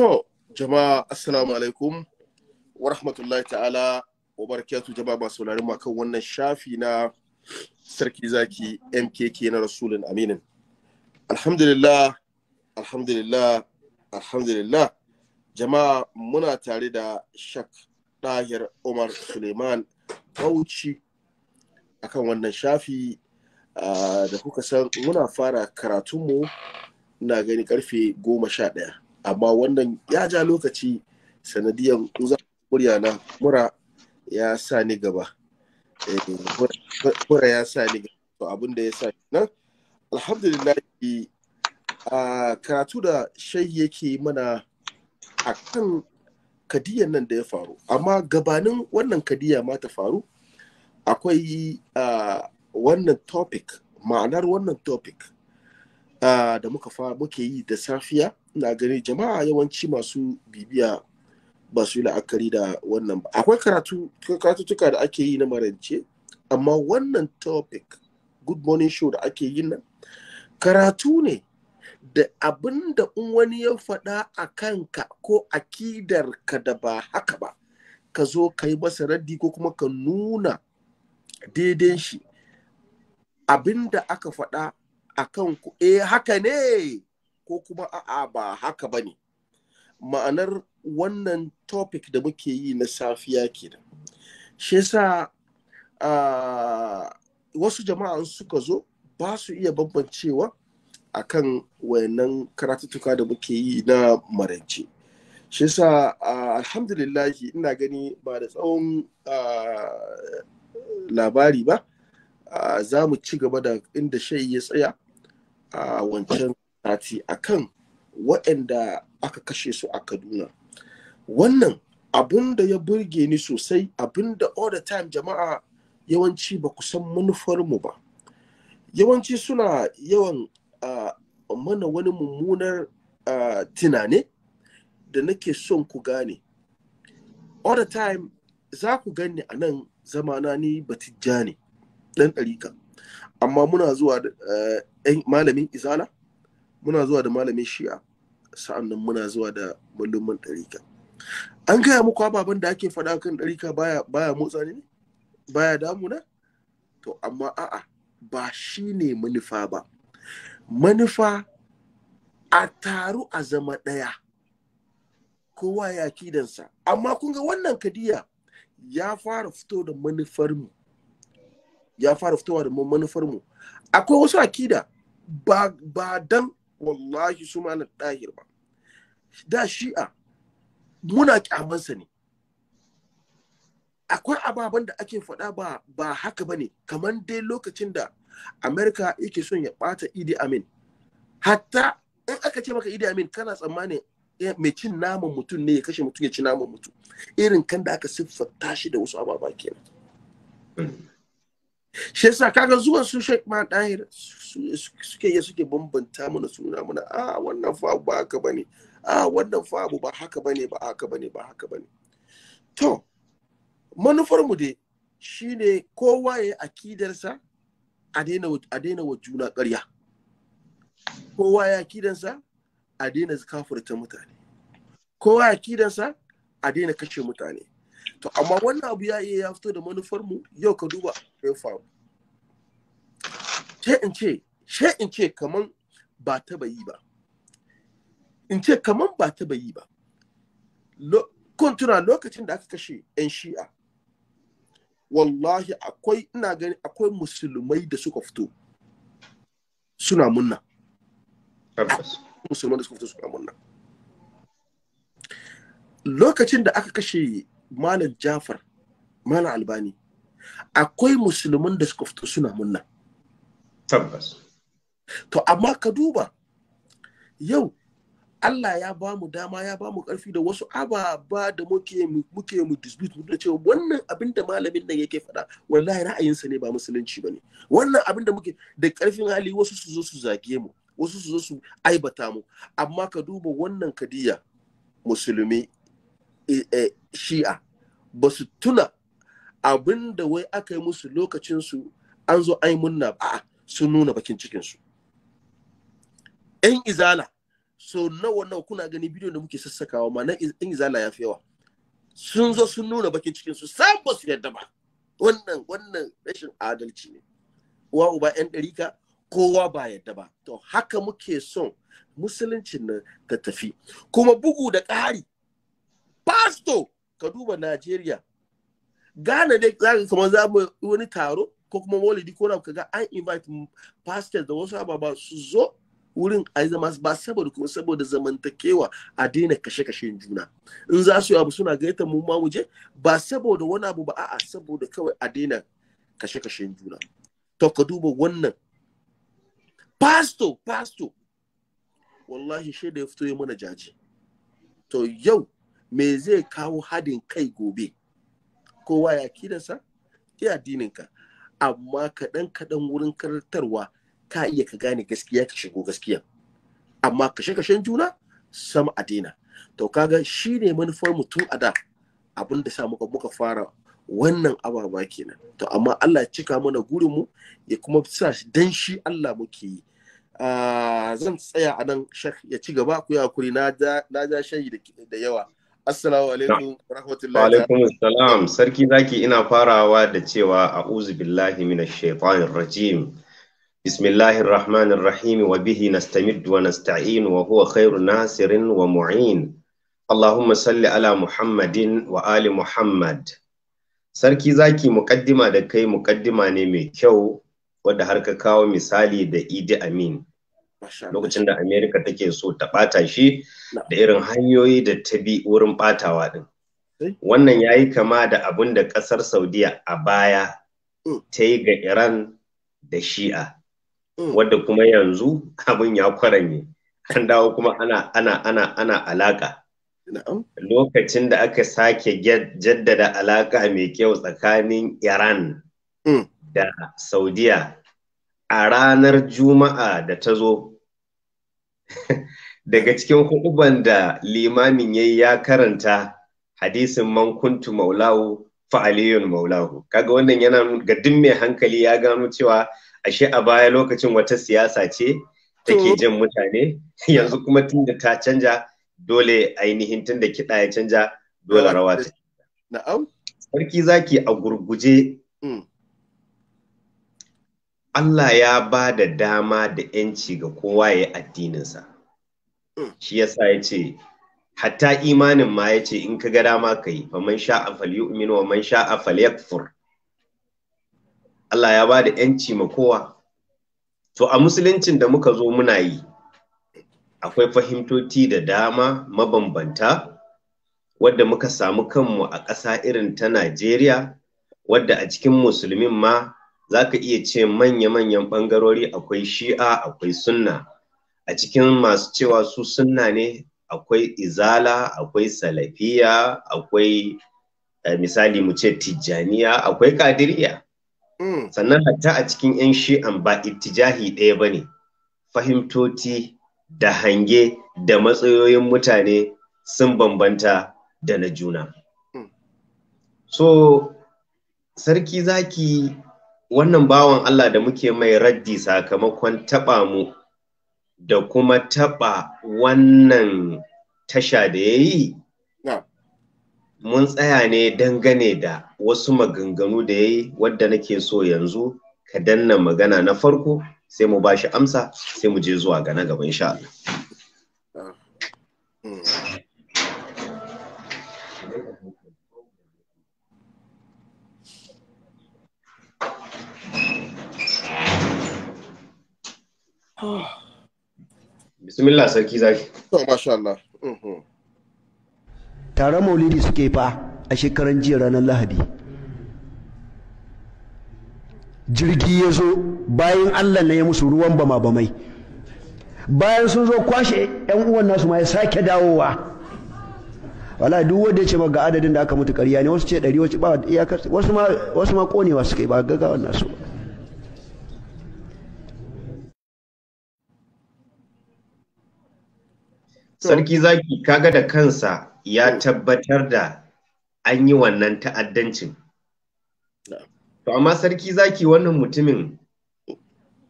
To, jama'a assalamu alaikum wa rahmatullahi ta'ala wa barakatu jama'a masu sauraron ma kan wannan shafi na sarki zaki MKK na Rasulun Aminin. Alhamdulillah, alhamdulillah, alhamdulillah. Jama'a muna tare da Shak ɗahir Umar Suleiman Bauchi kan wannan shafi ah, da kuka san muna fara karatunmu na gani karfe goma sha ɗaya. amma wannan ya ja lokaci sanadiyan uza murya na mura ya sa ni gaba eh, mura ya sa ni gaba to abin da ya sa nan alhamdulillah a karatu da shai yake mana a kan kadiyan nan da ya faru amma gabanin wannan kadiya ma ta faru akwai wannan topic ma'anar wannan topic da muka fara muke yi da safiya na gani jama'a yawanci masu bibiya ba su yi la'akari da wannan ba akwai karatu karatuttuka da ake yi na marance amma wannan topic good morning show da ake yi nan karatu ne da abin da wani ya faɗa a kanka ko ka da ba haka ba ka zo ka yi masa raddi ko kuma ka nuna daidai shi abin da aka faɗa akan ku eh haka ne ko kuma a'a ba haka ba ne ma'anar wannan topic da muke yi na safiya kenan shi yasa wasu jama'a suka zo ba su iya bambancewa akan wayannan karatuttuka da muke yi na marance shi yasa alhamdulillahi ina gani ba da tsawon labari ba za mu ci gaba da inda shayi ya tsaya a wancan sati kan waɗanda aka kashe su a kaduna wannan abin da ya burge ni sosai abin da all the time jama'a yawanci ba ku san manufarmu ba yawanci suna yawan mana wani mummunar tunane da nake son ku gane all the time za ku gani a nan zamana ni batijja ne ɗan ɗarika amma muna zuwa da eh, malamin izala muna zuwa da malamin shi'a sa'annan muna zuwa da malluman ɗarika an gaya muku ababen da ake faɗa kan ɗarika baya motsa ne baya damuna to amma a'a ba shi ne manufa ba manufa a taru a zama ɗaya kowa ya kidansa amma kunga wannan kadiya ya fara fito da manufarmu mu ya fara fitowa da manufar mu akwai wasu akida ba ba dan wallahi su ma na dahir ba da shi'a muna kyamansa ne akwai ababan da ake faɗa ba ba haka bane kamar dai lokacin da amerika yake son ya ɓata idi amin hatta in aka ce maka idi amin kana tsammanin eh, mai cin naman mutum ne ya kashe mutum ya ci naman mutum irin kan da aka siffanta tashi da wasu ababa kenan hmm. shi yasa kaga zuwan su Sheikh ma Dahir suke ya suke bambanta mana suna mana a wannan fa ba haka bane a wannan fa ba haka bane ba haka bane ba haka bane to manufar mu dai shine kowa ya akidarsa a daina a daina wa juna ƙarya kowa ya akidansa a daina kafirta mutane kowa ya akidansa a daina kashe mutane to amma wannan abu ya iya ya fito da manufar mu yau ka duba ya faru ce in ce ce in ce kaman ba ta bayi ba in ce kaman ba ta bayi ba kun tuna lokacin da aka kashe 'yan shi'a wallahi akwai ina gani akwai musulmai da suka fito suna munna musulmai da suka fito suna munna lokacin da aka kashe malam jafar malam albani akwai musulmin da suka fito suna munna tabbas to amma ka duba yau Allah ya ba mu dama ya ba mu karfi da wasu ababa da muke muke mu dispute mu cewa wannan abin da malamin nan yake faɗa wallahi ra'ayinsa ne ba musulunci bane wannan abin da muke da karfin hali wasu su zo su zage mu wasu su zo su aibata mu amma ka duba wannan kadiya musulmi E, e, shi'a ba su tuna abin da wai aka yi musu lokacinsu an zo ai munna ba sun nuna bakin cikinsu yan izala so nawa nawa kuna gani bidiyon da muke sassakawa ma na yan izala ya fi yawa sun zo sun nuna bakin cikinsu sam ba su yadda ba wannan wannan rashin adalci ne wa uba yan ɗarika kowa ba yadda ba to haka muke son musuluncin nan ta tafi kuma bugu da ƙari pasto ka duba Najeriya Ghana dai zaka kamar za mu wani taro ko kuma maulidi ko ka ga an invite pastors da wasu ababa su zo wurin a zama ba saboda kuma saboda zamantakewa a daina kashe-kashen juna in za su yi abu suna gaita mu ma muje ba saboda wani abu ba a'a saboda kawai a daina kashe-kashen juna to ka duba wannan pasto pasto wallahi shaida ya fito ya mana jaji to yau me zai kawo hadin kai gobe kowa ya kidansa ya addininka amma kaɗan kaɗan wurin karantarwa ka iya ka gane gaskiya ka shigo gaskiya amma kashe kashen juna sam adina to kaga shi ne manufar mutum a da abinda sa muka muka fara wannan ababa kenan to amma Allah ya cika mana gurin mu ya kuma sa dan shi Allah muke yi ah, zan tsaya a nan ya ci gaba ku ya kuri na ja shayi da yawa Assalamu alaikum rahmatullahi alaikum assalam sarki zaki ina farawa da cewa a'udhu billahi minash shaitanir rajim bismillahir rahmanir rahim wa bihi nastamid wa nasta'in wa huwa nasirin wa mu'in Allahumma salli ala Muhammadin wa ali Muhammad sarki zaki muqaddima da kai muqaddima ne mai kyau wadda har ka kawo misali da Idi Amin lokacin da Amerika take so ta ɓata shi da irin hanyoyi da ta bi wurin ɓatawa ɗin. Wannan ya yi kama da abin da ƙasar Saudiya a baya mm. ta yi ga Iran da Shi'a, mm. wadda kuma yanzu abin ya kwaranye. An dawo kuma ana ana ana ana alaƙa. Lokacin da aka sake jaddada alaƙa mai kyau tsakanin Iran mm. da Saudiya a ranar juma'a da ta zo daga cikin hukuban da limamin yayi ya karanta hadisin man kuntu maulahu fa'aliyun maulahu kaga wannan yana ga duk mai hankali ya gano cewa ashe a baya lokacin wata siyasa ce take jan mutane yanzu kuma tunda ta canja dole ainihin tunda kiɗa ya canja dole rawa ta na'am sarki zaki a gurguje mm. Allah ya ba da dama da ‘yanci ga kowa ya addininsa. Hmm. Shi ya sa ya ce, hatta imanin ma ya ce in ka ga dama ka yi, faman sha'a falyu'min wa man sha'a falyakfur. Allah ya ba da ‘yanci ma kowa. To a musuluncin da muka zo muna yi, akwai fahimtoti da dama mabambanta, wadda muka samu kanmu a ƙasa irin ta Najeriya, wadda a cikin musulmin ma Za ka iya ce manya-manyan ɓangarori akwai shi'a akwai sunna a cikin masu cewa su sunna ne akwai izala akwai salafiya akwai eh, misali mu ce tijjaniya akwai kadiriya mm. sannan hatta a cikin 'yan shi'an ba ittijahi ɗaya ba ne fahimtoti da hange da matsayoyin mutane sun bambanta da na juna mm. so sarki zaki wannan bawan Allah da muke mai raddi sakamakon taɓa mu da kuma taɓa wannan tasha da ya yi mun tsaya ne dangane da wasu maganganu da ya yi wadda nake so yanzu ka danna magana na farko sai mu ba shi amsa sai mu je zuwa ga na gaban sha bismillah sarki zaki to masha Allah mhm. Tare maulidi suke fa a shekaran jiya ranar lahadi jirgi ya zo bayan allah na ya musu ruwan bama bamai bayan sun zo kwashe yan uwan nasu ma ya sake dawowa wala duk wanda ya ce ga adadin da aka mutu ƙarya ne wasu ce ɗari wasu ma konewa suka yi ba gaggawa nasu ba Sarki zaki kaga da kansa ya tabbatar da an yi wannan ta'addancin. To amma sarki zaki wannan mutumin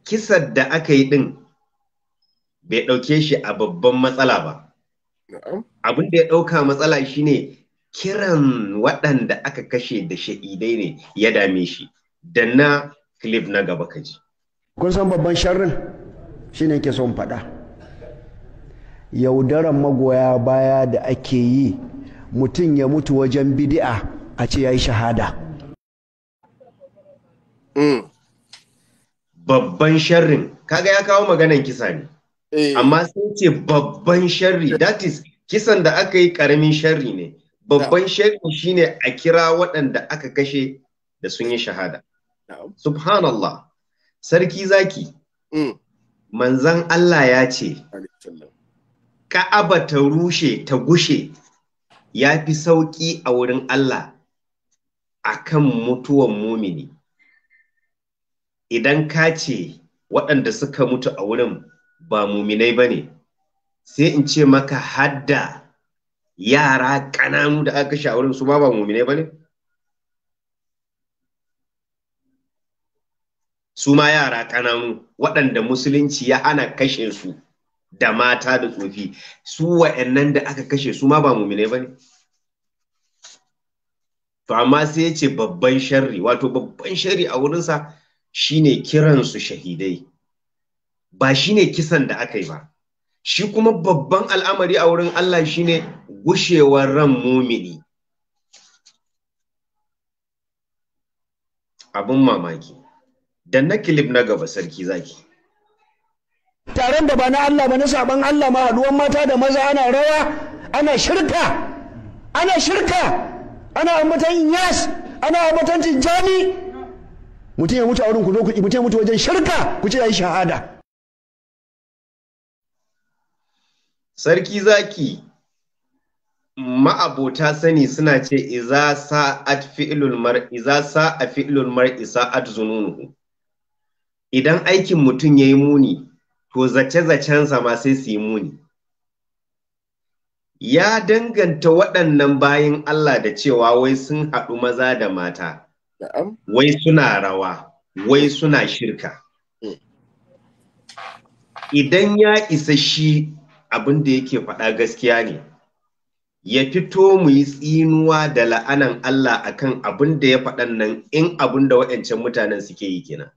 kisar da aka yi ɗin bai ɗauke shi a babban matsala ba. Abin da ya ɗauka matsala shi ne kiran waɗanda aka kashe da sha'idai ne ya dame shi, da na clip na gaba kaji. Kun san babban sharrin Shi shine ke son faɗa. yaudaran magoya baya da ake yi mutum ya mutu wajen bidi'a a ce ya yi shahada mm. babban sharrin kaga ya kawo maganan kisa ne eh. amma sai ce babban sharri that is kisan da aka yi karamin sharri ne babban sharri shine a kira waɗanda aka kashe da sun yi shahada subhanallah sarki zaki mm. manzan Allah ya ce ka'aba ta rushe ta gushe ya fi sauƙi a wurin Allah a kan mutuwan mumini idan ka ce waɗanda suka mutu a wurin ba muminai ba ne sai in ce maka hadda yara ƙananu da aka sha wurin su ba muminai ba ne su ma yara ƙananu waɗanda musulunci ya hana kashe su da mata da tsofi su wa'annan da aka kashe su ma ba muminai ba ne to amma sai ya ce babban sharri wato babban sharri a wurinsa shine kiransu shahidai ba shine kisan da aka yi ba shi kuma babban al'amari a wurin Allah shine gushewar ran mumini abin mamaki dan na kilif na gaba sarki zaki taron da ba na Allah ba na saban Allah ma haduwan mata da maza ana rawa ana shirka ana shirka ana ambatan yas ana ambatan tijjani mutum ya mutu a wurin ku zo ku mutum ya mutu wajen shirka ku ce yayi shahada sarki zaki ma'abota sani suna ce iza sa'at fi'lul mar iza sa'a fi'lul mar'i sa'at zununu idan aikin mutum yayi muni to zace-zacensa ma sai su yi muni. Ya danganta waɗannan bayan Allah da cewa wai sun haɗu maza da mata, wai suna rawa, wai suna shirka. Mm. Idan ya isa shi abin da yake faɗa gaskiya ne, ya fito mu yi tsinuwa da la'anan Allah akan abin da ya faɗan nan in abin da waɗancan mutanen suke yi kenan.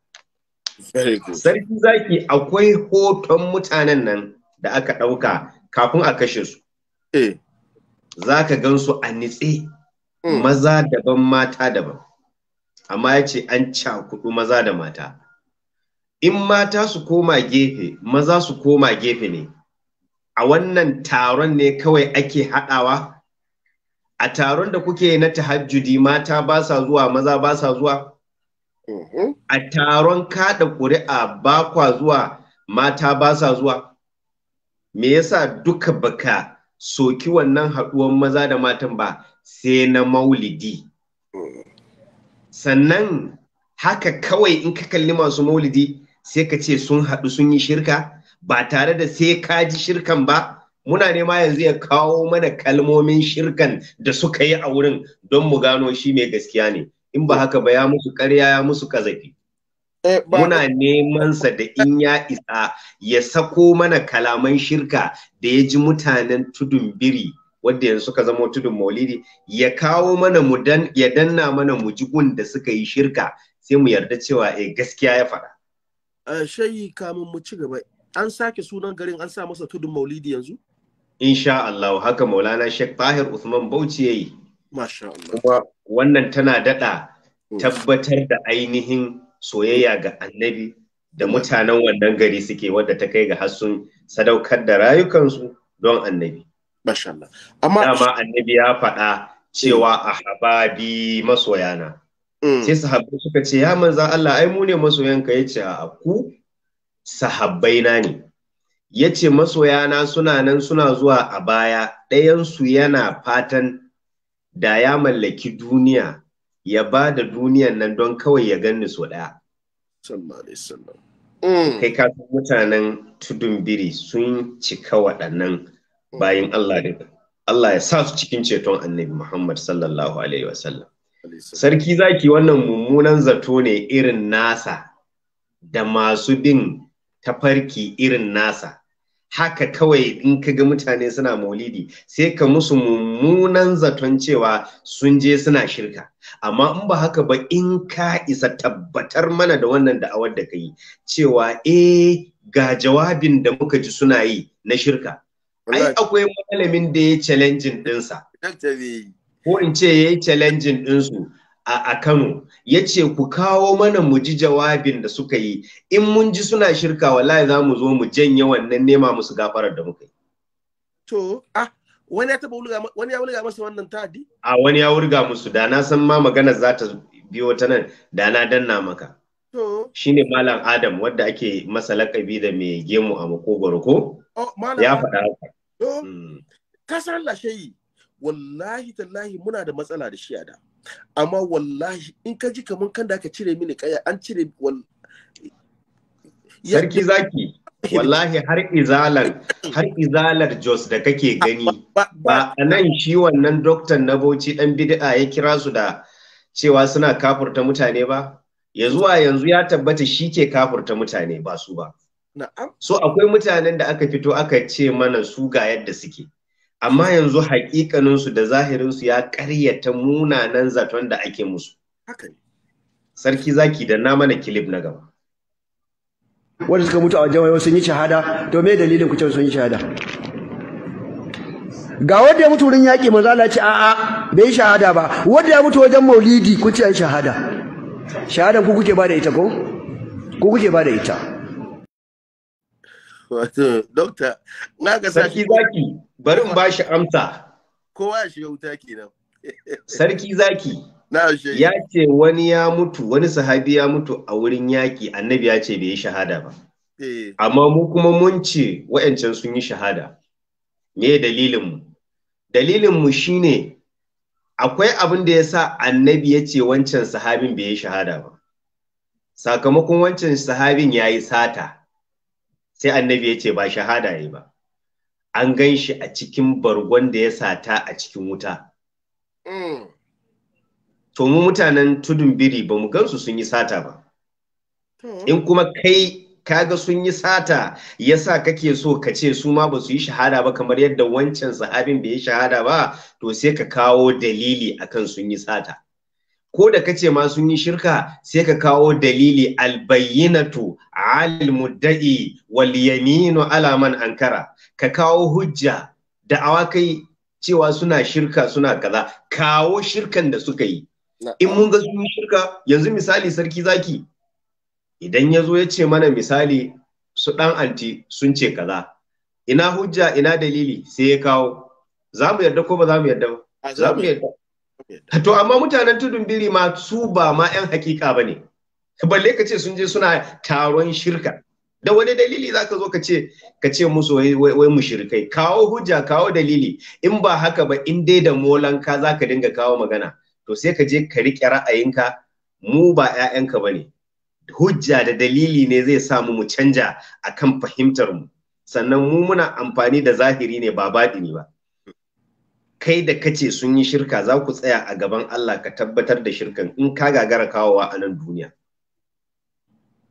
Sarki zaki akwai hoton mutanen nan da aka ɗauka kafin a kashe su. Eh. Za ka gan su a nitse hmm. maza daban mata daban. Amma ya ce an cakudu maza da mata. In mata su koma gefe, maza su koma gefe ne. A wannan taron ne kawai ake haɗawa? A taron da kuke na tahajjudi mata ba sa zuwa, maza ba sa zuwa? Mhm. A taron kaɗa ƙuri'a ba kwa zuwa mata ba sa zuwa. Me yasa duka baka soki wannan haɗuwan maza da matan ba sai na maulidi. Sannan haka kawai in ka kalli masu maulidi sai ka ce sun haɗu sun yi shirka ba tare da sai ka ji shirkan ba muna nema yanzu ya kawo mana kalmomin shirkan da suka yi a wurin don mu gano shi mai gaskiya ne in ba haka ba ya musu karya ya musu kazafi eh, muna neman sa da in ya isa ya sako mana kalaman shirka da ya ji mutanen tudun biri wadda yanzu suka zama tudun maulidi ya kawo mana mu dan ya danna mana mujigun da suka yi shirka sai mu yarda cewa eh gaskiya ya faɗa. Eh, shayi kamun mu ci gaba an sake sunan garin an sa masa tudun maulidi yanzu? Insha Allah haka Maulana Sheikh Tahir Usman Bauchi yayi. Masha Allah. wannan tana daɗa hmm. tabbatar da ainihin soyayya ga annabi da mutanen wannan gari suke wadda ta kai ga hassun sadaukar da rayukansu don annabi. Amma dama annabi ya faɗa cewa a hababi masoyana. Hmm. Sai sahabbai suka ce ya manza Allah ai mu ne masoyanka ya ce a ku na ne. Ya ce masoyana suna nan suna zuwa a baya ɗayansu yana fatan da ya mallaki duniya ya ba da duniyan nan don kawai ya ganni su ɗaya. Mm. Kai kafin mutanen tudun biri sun cika waɗannan mm. bayan Allah da Allah ya sa su cikin ceton annabi Muhammad sallallahu Alaihi wasallam. Sarki zaki wannan mummunan zato ne irin nasa da masu bin tafarki irin nasa haka kawai in ka ga mutane suna maulidi sai ka musu mummunan zaton cewa sun je suna shirka amma in ba haka ba in ka isa tabbatar mana da wannan da'awar da ka yi cewa eh ga jawabin da muka ji suna yi na shirka ai akwai malamin da ya challenging dinsa ko in ce ya yi challenging dinsu a Kano ya ce ku kawo mana mu ji jawabin da suka yi in mun ji suna shirka wallahi za mu zo mu janye wannan nema musu gafarar da muka yi. To, ah, wani ya taba wulga wani ya wulga masa wannan tadi? A wani ya wulga musu da na san ma magana za ta biyo ta nan da na danna maka. To. Shine Malam Adam wadda ake masa lakabi da mai gemu a makogoro ko? Oh, ya faɗa haka. To, mm. kasan lashe wallahi tallahi muna da matsala da shi a da. amma wallahi in ka kamar kan da aka cire mini kaya an cire sarki zaki wallahi har izalar har izalar jos da kake gani ba a nan shi wannan doktan na bauchi dan bid'a ya kira su da cewa suna kafurta mutane ba ya zuwa yanzu ya tabbata shi ke kafurta mutane ba su ba so akwai mutanen da aka fito aka ce mana su ga yadda suke amma yanzu haƙiƙaninsu da zahirinsu ya ƙaryata munanan zaton da ake musu sarki zaki da na mana kilif na gaba wanda suka mutu a wajen wayo sun yi shahada to me dalilin ku sun yi shahada ga wanda ya mutu wurin yaƙi manzo Allah ce a'a bai shahada ba wanda ya mutu wajen maulidi ku ce shahada shahadan ku kuke ba da ita ko ku kuke ba da ita wato dokta na ga sarki zaki bari in ba shi amsa kowa shi ya wuta kenan sarki zaki ya ce wani ya mutu wani sahabi ya mutu a wurin yaki annabi ya ce bai yi shahada ba eh. amma mu kuma mun ce wa'yancan sun yi shahada me dalilin mu dalilin mu shine akwai abin da ya sa annabi ya ce wancan sahabin bai yi shahada ba sakamakon wancan sahabin ya yi sata sai annabi ya ce ba shahada ya ba an gan shi a cikin bargon da ya sata a cikin wuta mm. to mu mutanen tudun biri ba mu gansu sun yi sata ba in kuma kai kaga sun yi sata yasa kake so ka ce su ma ba su yi shahada ba kamar yadda wancan sahabin bai yi shahada ba to sai ka kawo dalili akan sun yi sata ko da kace ma sun yi shirka sai ka kawo dalili albayyinatu alal mudda'i wal yaminu ala man ankara ka kawo hujja da awakai cewa suna shirka suna kaza kawo shirkan da suka yi in mun ga sun shirka yanzu misali sarki zaki idan ya zo ya ce mana misali su dan anti sun ce kaza ina hujja ina dalili sai ya kawo za mu yarda ko ba za mu yarda ba za mu yarda to amma mutanen tudun biri ma su ba ma 'yan hakika ba ne balle ka ce sun je suna taron shirka da wani dalili za ka zo ka ce ka ce musu wai mushrikai kawo hujja kawo dalili in ba haka ba in dai da molanka za ka dinga kawo magana to sai ka je ka riƙe ra'ayinka mu ba 'ya'yanka ba ne hujja da dalili ne zai sa mu mu canja akan fahimtar mu sannan mu muna amfani da zahiri ne ba ne ba kai da ka ce sun yi shirka za ku tsaya a gaban Allah ka tabbatar da shirkan in ka gagara kawowa a nan duniya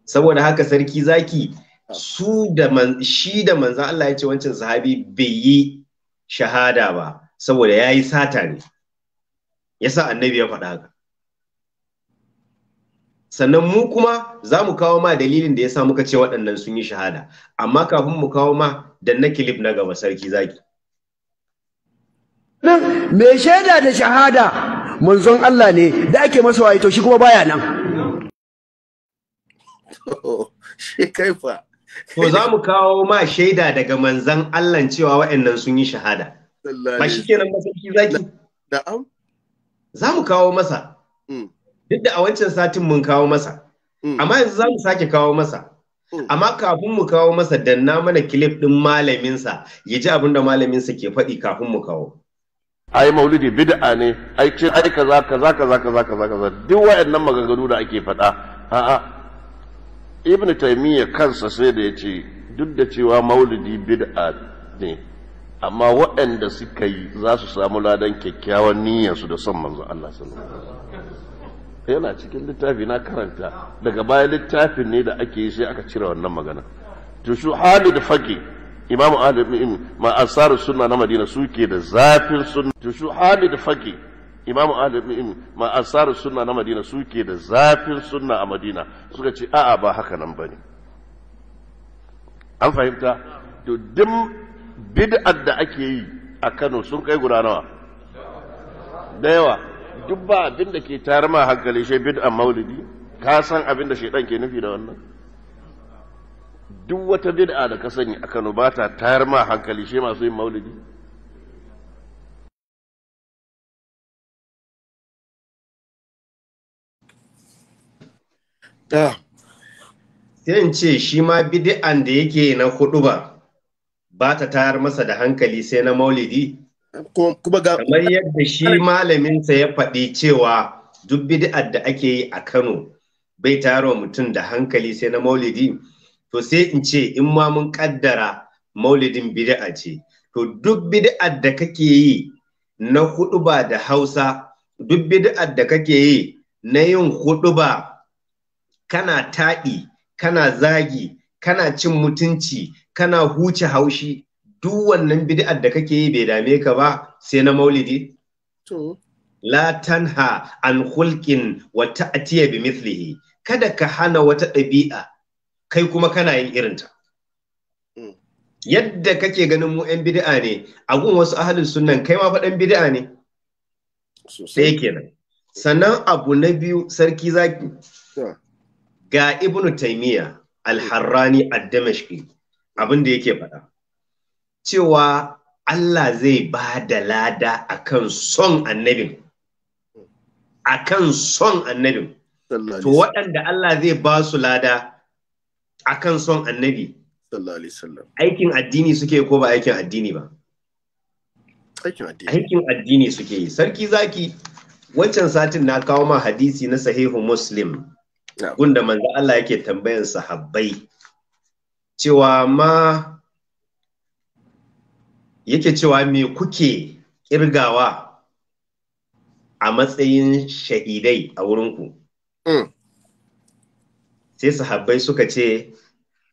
saboda haka sarki zaki ah. su da man shi da manzan Allah ya ce wancan sahabi bai yi shahada ba saboda ya yi sata ne yasa annabi ya faɗa haka sannan mu kuma za mu kawo ma dalilin da ya sa muka ce waɗannan sun yi shahada amma kafin mu kawo ma da na kilif na gaba sarki zaki Me mai shaida da shahada manzon Allah ne da ake masa to shi kuma baya nan To, shi kai fa. To za mu kawo ma shaida daga manzan Allah cewa waɗannan sun yi shahada. Ba shi kenan ba sarki zaki. Na'am. Za mu kawo masa. Mm. Duk da a wancan satin mun kawo masa. Mm. Amma yanzu za mu sake kawo masa. Mm. Amma kafin mu kawo masa danna mana kilif ɗin malaminsa ya ji abin da malaminsa ke faɗi kafin mu kawo. ai maulidi bid'a ne ai ce ai kaza kaza kaza kaza kaza kaza duk waɗannan maganganu da ake faɗa a'a ibn taimiyya kansa sai da ya ce duk da cewa maulidi bid'a ne amma waɗanda suka yi za su samu ladan kyakkyawan niyyarsu da son manzon Allah sallallahu yana cikin littafi na karanta daga baya littafin ne da ake yi sai aka cire wannan magana to su Halid Faqi imamu Ahmad ma Ma'asar sunna na Madina suke da zafin sunna to su Halid Faqi imamu ansarar sunna na madina suke da zafin sunna a madina suka ce a'a ba haka nan ba an fahimta to duk bid'ar da ake yi a kano sun kai guda nawa da yawa duk ba abin da ke tare ma hankali shi bid'ar maulidi ka san abin da shaidan ke nufi da wannan duk wata bid'a da ka sani a kano ba ta tayar ma hankali shi masu yin maulidi Ah. sai in ce shi ma bid'an da yake na hudu ba ba ta tayar masa da hankali sai na maulidi kamar yadda shi malaminsa ya faɗi cewa duk bid'ar da ake yi a kano bai tayarwa mutum da hankali sai na maulidi to sai in ce in ma mun kaddara maulidin bid'a ce to duk bid'ar da kake yi na hudu ba da hausa duk bid'ar da kake yi na yin hudu ba kana taɗi kana zagi kana cin mutunci kana huce haushi duk wannan bid'ar da kake yi bai dame ka ba sai na maulidi to la tanha an hulkin wa atiya bi mithlihi kada ka hana wata ɗabi'a kai kuma kana yin irinta mm. yadda kake ganin mu 'yan bid'a ne a gun wasu ahalin sunan kai ma faɗan bid'a ne sai sannan abu na biyu sarki zaki ga ibnu taimiyya al-harrani al damashqi abin da yake faɗa cewa Allah zai ba da lada akan son annabin akan son annabin to waɗanda Allah zai ba su lada akan son annabi aikin addini suke ko ba aikin addini ba aikin addini suke yi sarki zaki wancan satin na kawo ma hadisi na sahihu muslim gunda manzo Allah yake tambayan sahabbai cewa ma yake cewa me kuke kirgawa a matsayin shahidai a wurinku mm. sai sahabbai suka ce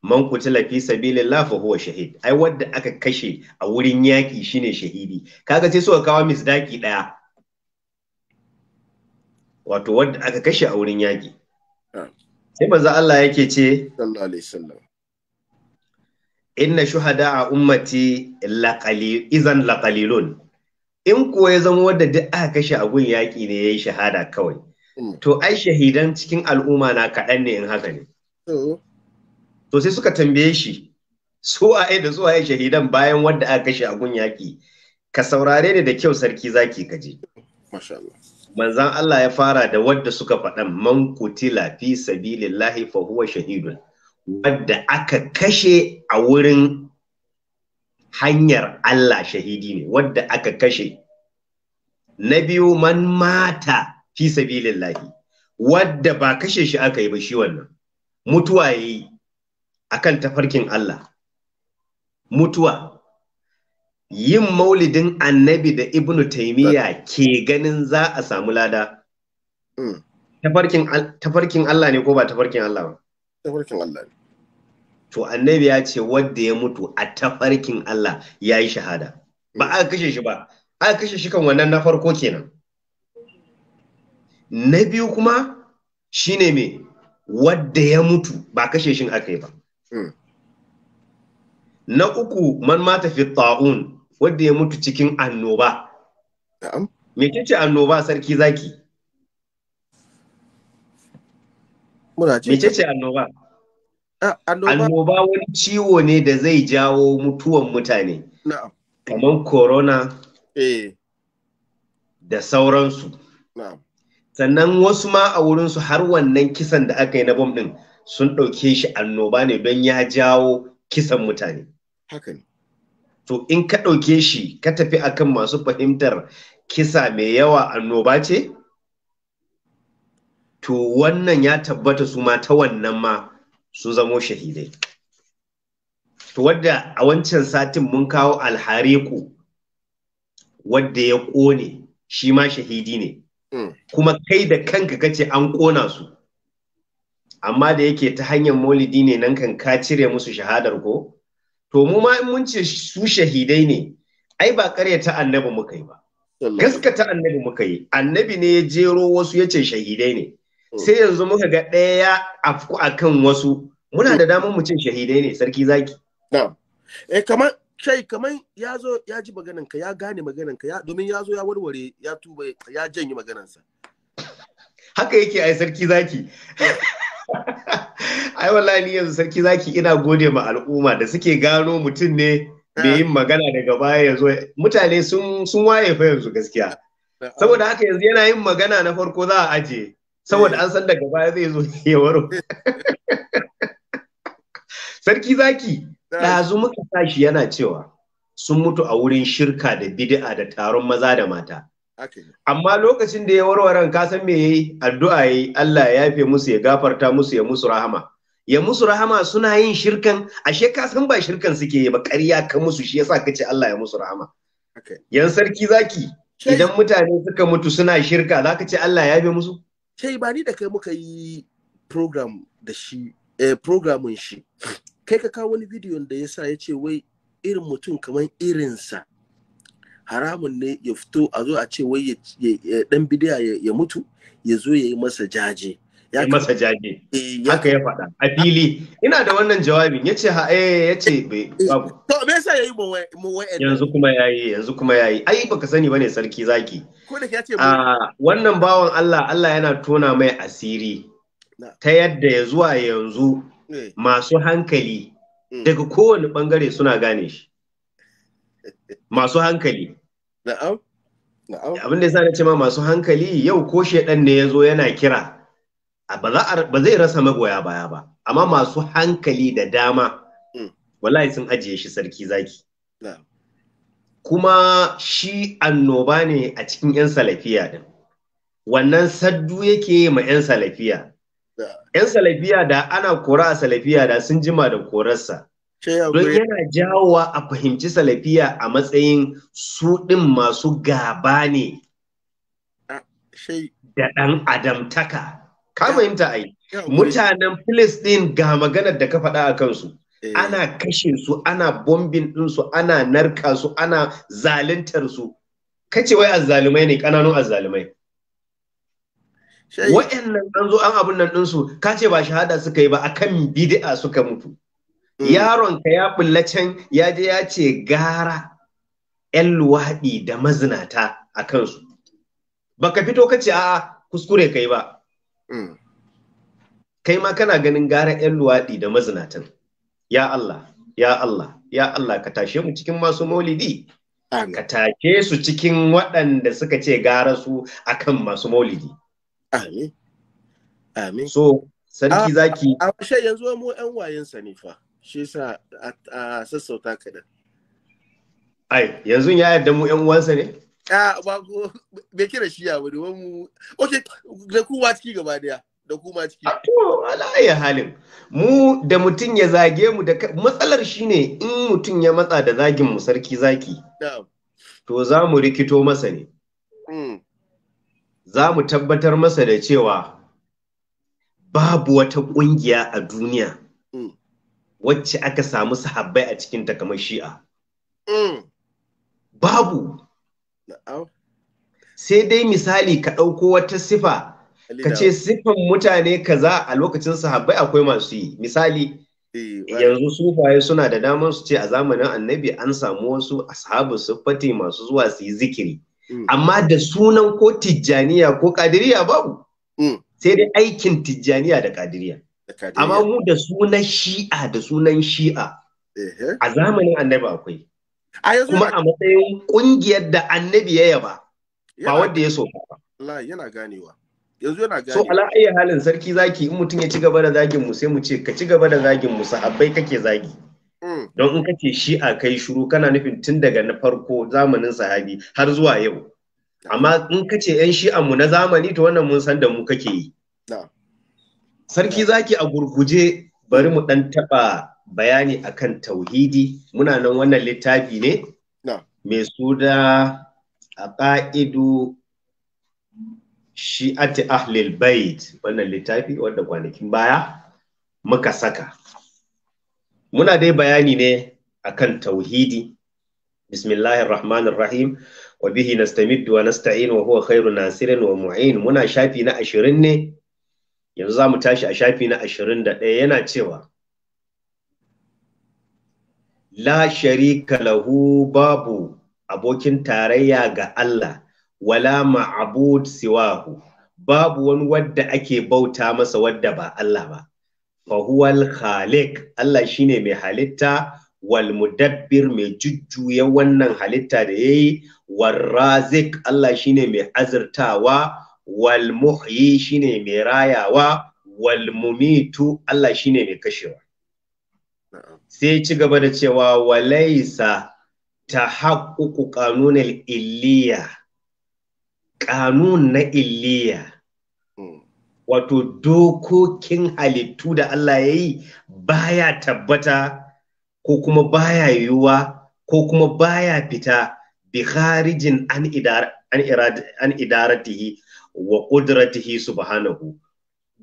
man kutila fi sabilillah fa huwa shahid ai wanda aka kashe a wurin yaki shine shahidi kaga sai suka kawo misdaki daya wato wanda aka kashe a wurin yaki sai maza Allah yake ce inna alaihi wasallam inna shuhada'a ummati izan laqalilun in kuwa ya zama wadda duk aka kashe a gun yaƙi ne ya yi shahada kawai mm. to ai shahidan cikin al'umma na kaɗan ne in haka ne to sai suka tambaye shi su a da su a shahidan bayan wadda aka kashe a gun yaƙi ka saurare ni da kyau sarki zaki kaje masha Allah manzan Allah ya fara da wadda suka faɗan man kutila fi sabilillahi fa huwa shahidun wadda aka kashe a wurin hanyar Allah shahidi ne wadda aka kashe na biyu man mata fi sabilillahi wadda ba kashe shi aka yi ba shi wannan mutuwa yayi akan tafarkin Allah mutuwa yin maulidin annabi da ibnu taimiyya ke ganin za a samu lada mm. tafarkin Allah ne ko ba tafarkin Allah ba tafarkin Allah ne to annabi ya ce wadda ya mutu a tafarkin Allah ya yi shahada ba mm. a kashe shi ba a kashe shi kan wannan na farko kenan na biyu kuma shine me wadda ya mutu ba kashe shi aka yi ba mm. na uku man mata fi ta'un wanda ya mutu cikin annoba me ce annoba sarki zaki ce annoba? Annoba wani ciwo ne da zai jawo mutuwan mutane. Kamar corona eh. da sauransu. Sannan wasu ma a wurinsu har wannan kisan da aka yi na bom ɗin sun ɗauke shi annoba ne don ya jawo kisan mutane. Haka to in ka ɗauke shi ka tafi akan masu fahimtar kisa mai yawa annoba ce to wannan ya tabbata su ma ta wannan ma su zamo shahidai to wadda a wancan satin mun kawo alhariku wadda ya ƙone shi ma shahidi ne mm. kuma kai da kanka kace an ƙona su amma da yake ta hanyar maulidi ne nan kan ka cire musu shahadar ko to mu ma in mun ce su shahidai ne ai ba ta annabi muka yi ba gaskata annabi muka yi annabi ne ya jero wasu ya ce shahidai ne hmm. sai yanzu muka ga ɗaya ya afku akan wasu muna da damar mu ce shahidai ne sarki zaki eh kamar shai kamar ya zo ya ji magananka ya gane magananka ya domin ya zo ya warware ya tuba ya janye maganansa haka yake ai sarki zaki eh. ai wallahi ni yanzu sarki zaki ina gode ma al'umma da suke gano mutum ne bai ah. yin magana daga baya yanzu mutane sun sun waye fa yanzu gaskiya saboda haka yanzu yana yin magana na farko za a aje saboda eh. an san daga baya zai zo ya waro sarki zaki ah. ɗazu muka tashi yana cewa sun mutu a wurin shirka da bid'a da taron maza da mata Amma lokacin da ya warwaren ka san me yayi addu'a yayi Allah ya yafe musu ya gafarta musu ya musu rahama. Ya musu rahama suna yin shirkan ashe ka san ba shirkan suke yi ba ƙarya ka musu shi yasa kace Allah ya musu rahama. Yan sarki zaki idan mutane suka mutu suna shirka za ka ce Allah ya yafe musu? Kai ba ni da kai muka yi program da shi eh, programin shi. Kai ka kawo wani bidiyon da yasa ya ce wai irin mutum kamar irinsa haramun ne ya fito a zo a ce wai dan bidiya ya mutu ya zo ya yi masa jaje ya yi masa jaje eh, haka ya faɗa a fili ina da wannan jawabin ya ce ha eh ya ce bai eh, babu to me yasa yi mu mu yanzu kuma ya yi, yanzu kuma yi. ai baka sani bane sarki zaki ko da ya ce ah, wannan bawan Allah Allah yana tona mai asiri ta yadda ya zuwa yanzu eh. masu hankali mm. daga kowane bangare suna gane shi masu hankali Na'am. Abin da ya sani cewa masu hankali yau ko shaidan ne zo yana kira. Ba zai rasa magoya baya ba, amma masu hankali da dama hmm. wallahi sun ajiye shi sarki zaki. Kuma shi annoba ne a cikin 'yan salafiya din. Wannan saddu yake ma 'yan salafiya. 'Yan salafiya da ana kora a salafiya da sun jima da korarsa. don yana jawowa a fahimci salafiya a matsayin su ɗin masu gaba ne da ɗan adamtaka ka fahimta ai mutanen Filistin ga maganar da ka faɗa a kansu eh. ana kashe su ana bombin ɗinsu ana narka su ana zalintar su kace wai azzalumai ne ƙananun azzalumai wa'annan an zo an abun nan ɗinsu kace ba shahada suka yi ba akan bid'a suka mutu yaron ka ya bulla can ya je ya ce gara yan luwaɗi da mazinata a kansu baka fito ka ce a kuskure kai ba kai ma kana ganin gara yan luwaɗi da mazinatan ya Allah ya Allah ya Allah ka tashe mu cikin masu maulidi ka tashe su cikin waɗanda suka ce gara su a kan masu maulidi amin amin so sarki zaki a yanzu mu yan wayensa ne fa shi sa a sassauta kaɗan. Ai, yanzu ya yarda mu ‘yan uwansa ne? A ba ku, bai kira shi ya wani wani ok da ku ma ciki gaba daya da ku ma ciki. Ala alayi halin. Mu da mutum ya zage mu da matsalar shi ne in mutum ya matsa da zagin mu sarki zaki. To za mu rikito masa ne. Mm. Za mu tabbatar masa da cewa babu wata ƙungiya a duniya wacce aka samu sahabbai a cikin ta kamar shi'a mm. babu sai dai misali ka ɗauko wata sifa ka ce sifan mutane kaza a lokacin sahabbai akwai masu yi misali eh, yanzu sufaye suna da damar su ce a zamanin annabi an samu wasu ashabu siffati masu zuwa su yi zikiri mm. amma da sunan ko tijjaniya ko kadiriya babu mm. sai dai aikin tijjaniya da kadiriya amma mu da sunan shi'a da sunan shi'a a zamanin annabi akwai kuma a matsayin kungiyar da annabi ya yaba ba wanda ya so ba yana ganewa yanzu yana ganewa so ala halin sarki zaki in mutum ya ci gaba da zagin mu sai mu ce ka ci gaba da zagin mu sahabbai kake zagi mm. don in kace shi'a kai shiru kana nufin tun daga na farko zamanin sahabi har zuwa yau amma in kace yan shi'a mu na zamani to wannan mun san da mu kake yi sarki zaki a gurguje bari mu ɗan taɓa bayani akan tauhidi muna nan wannan littafi ne mai suna a ƙa'idu shi'ati ahlil bait wannan littafi wanda kwanakin baya muka saka muna dai bayani ne akan tauhidi bismillahir rahmanir rahim wa bihi nastamiddu wa nasta'in wa huwa khairu nasirin wa mu'in muna shafi na ashirin ne yanzu za mu tashi a shafi na ashirin da ɗaya yana cewa la sharika lahu babu abokin tarayya ga Allah wala ma'abud siwahu babu wani wadda ake bauta masa wadda ba Allah ba fahuwal khaliq Allah shine mai halitta wal mudabbir mai jujjuya wannan halitta da yayi war razik Allah shine mai azurtawa wal muhyi shine mai rayawa wal mumitu Allah shine mai kashewa sai ci gaba da cewa walaisa ta haƙuƙu ƙanunan illiya ƙanun na illiya hmm. wato dokokin halittu da Allah ya yi baya tabbata ko kuma baya yiwuwa ko kuma baya fita bi kharijin an idaratihi wa qudratihi subhanahu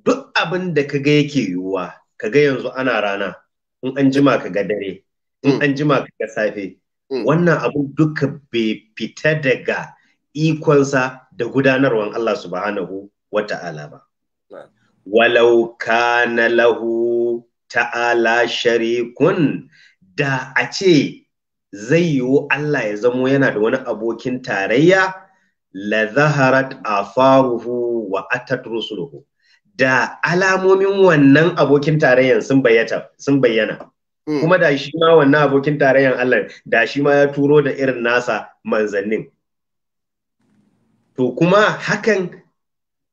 duk abin da kaga yake yiwuwa kaga yanzu ana rana in an jima kaga dare in mm. an jima kaga safe mm. wannan abu duka bai fita daga ikonsa da gudanarwan Allah subhanahu wa ta'ala ba walau kana lahu ta'ala sharikun da a ce zai yiwu Allah ya zamo yana da wani abokin tarayya la zaharat afaruhu wa atat rusuluhu da alamomin wannan abokin tarayyan sun bayyana hmm. kuma da shi ma wannan abokin tarayyan Allah da shi ma ya turo da irin nasa manzannin to kuma hakan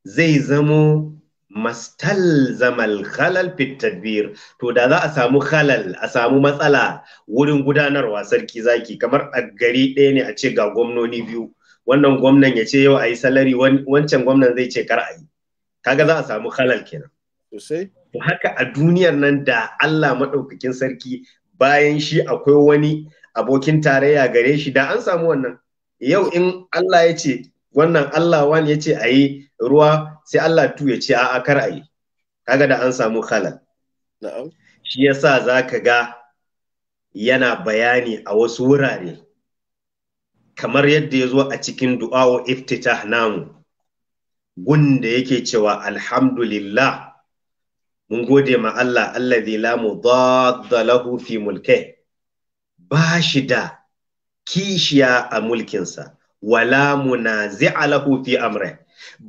zai zamo mastal zamal khalal fit tadbir to da za a samu khalal a samu matsala wurin gudanarwa sarki zaki kamar a gari ɗaya ne a ce ga gwamnoni biyu wannan gwamnan ya ce yau a yi salari wancan gwamnan zai ce kar a yi kaga za a samu halal kenan to haka a duniyar nan da Allah maɗaukakin sarki bayan shi akwai wani abokin tarayya gare shi da an samu wannan yau in Allah ya ce wannan Allah wani ya ce a yi ruwa sai Allah tu ya ce a'a kar a yi kaga da an samu halal shi yasa za ka ga yana bayani a wasu wurare kamar yadda ya zo a cikin du'a'o iftitah namu gunda yake cewa alhamdulillah mun gode ma Allah allazi la mudadda lahu fi mulke ba shi da kishiya a mulkinsa wala munazi'a lahu fi amri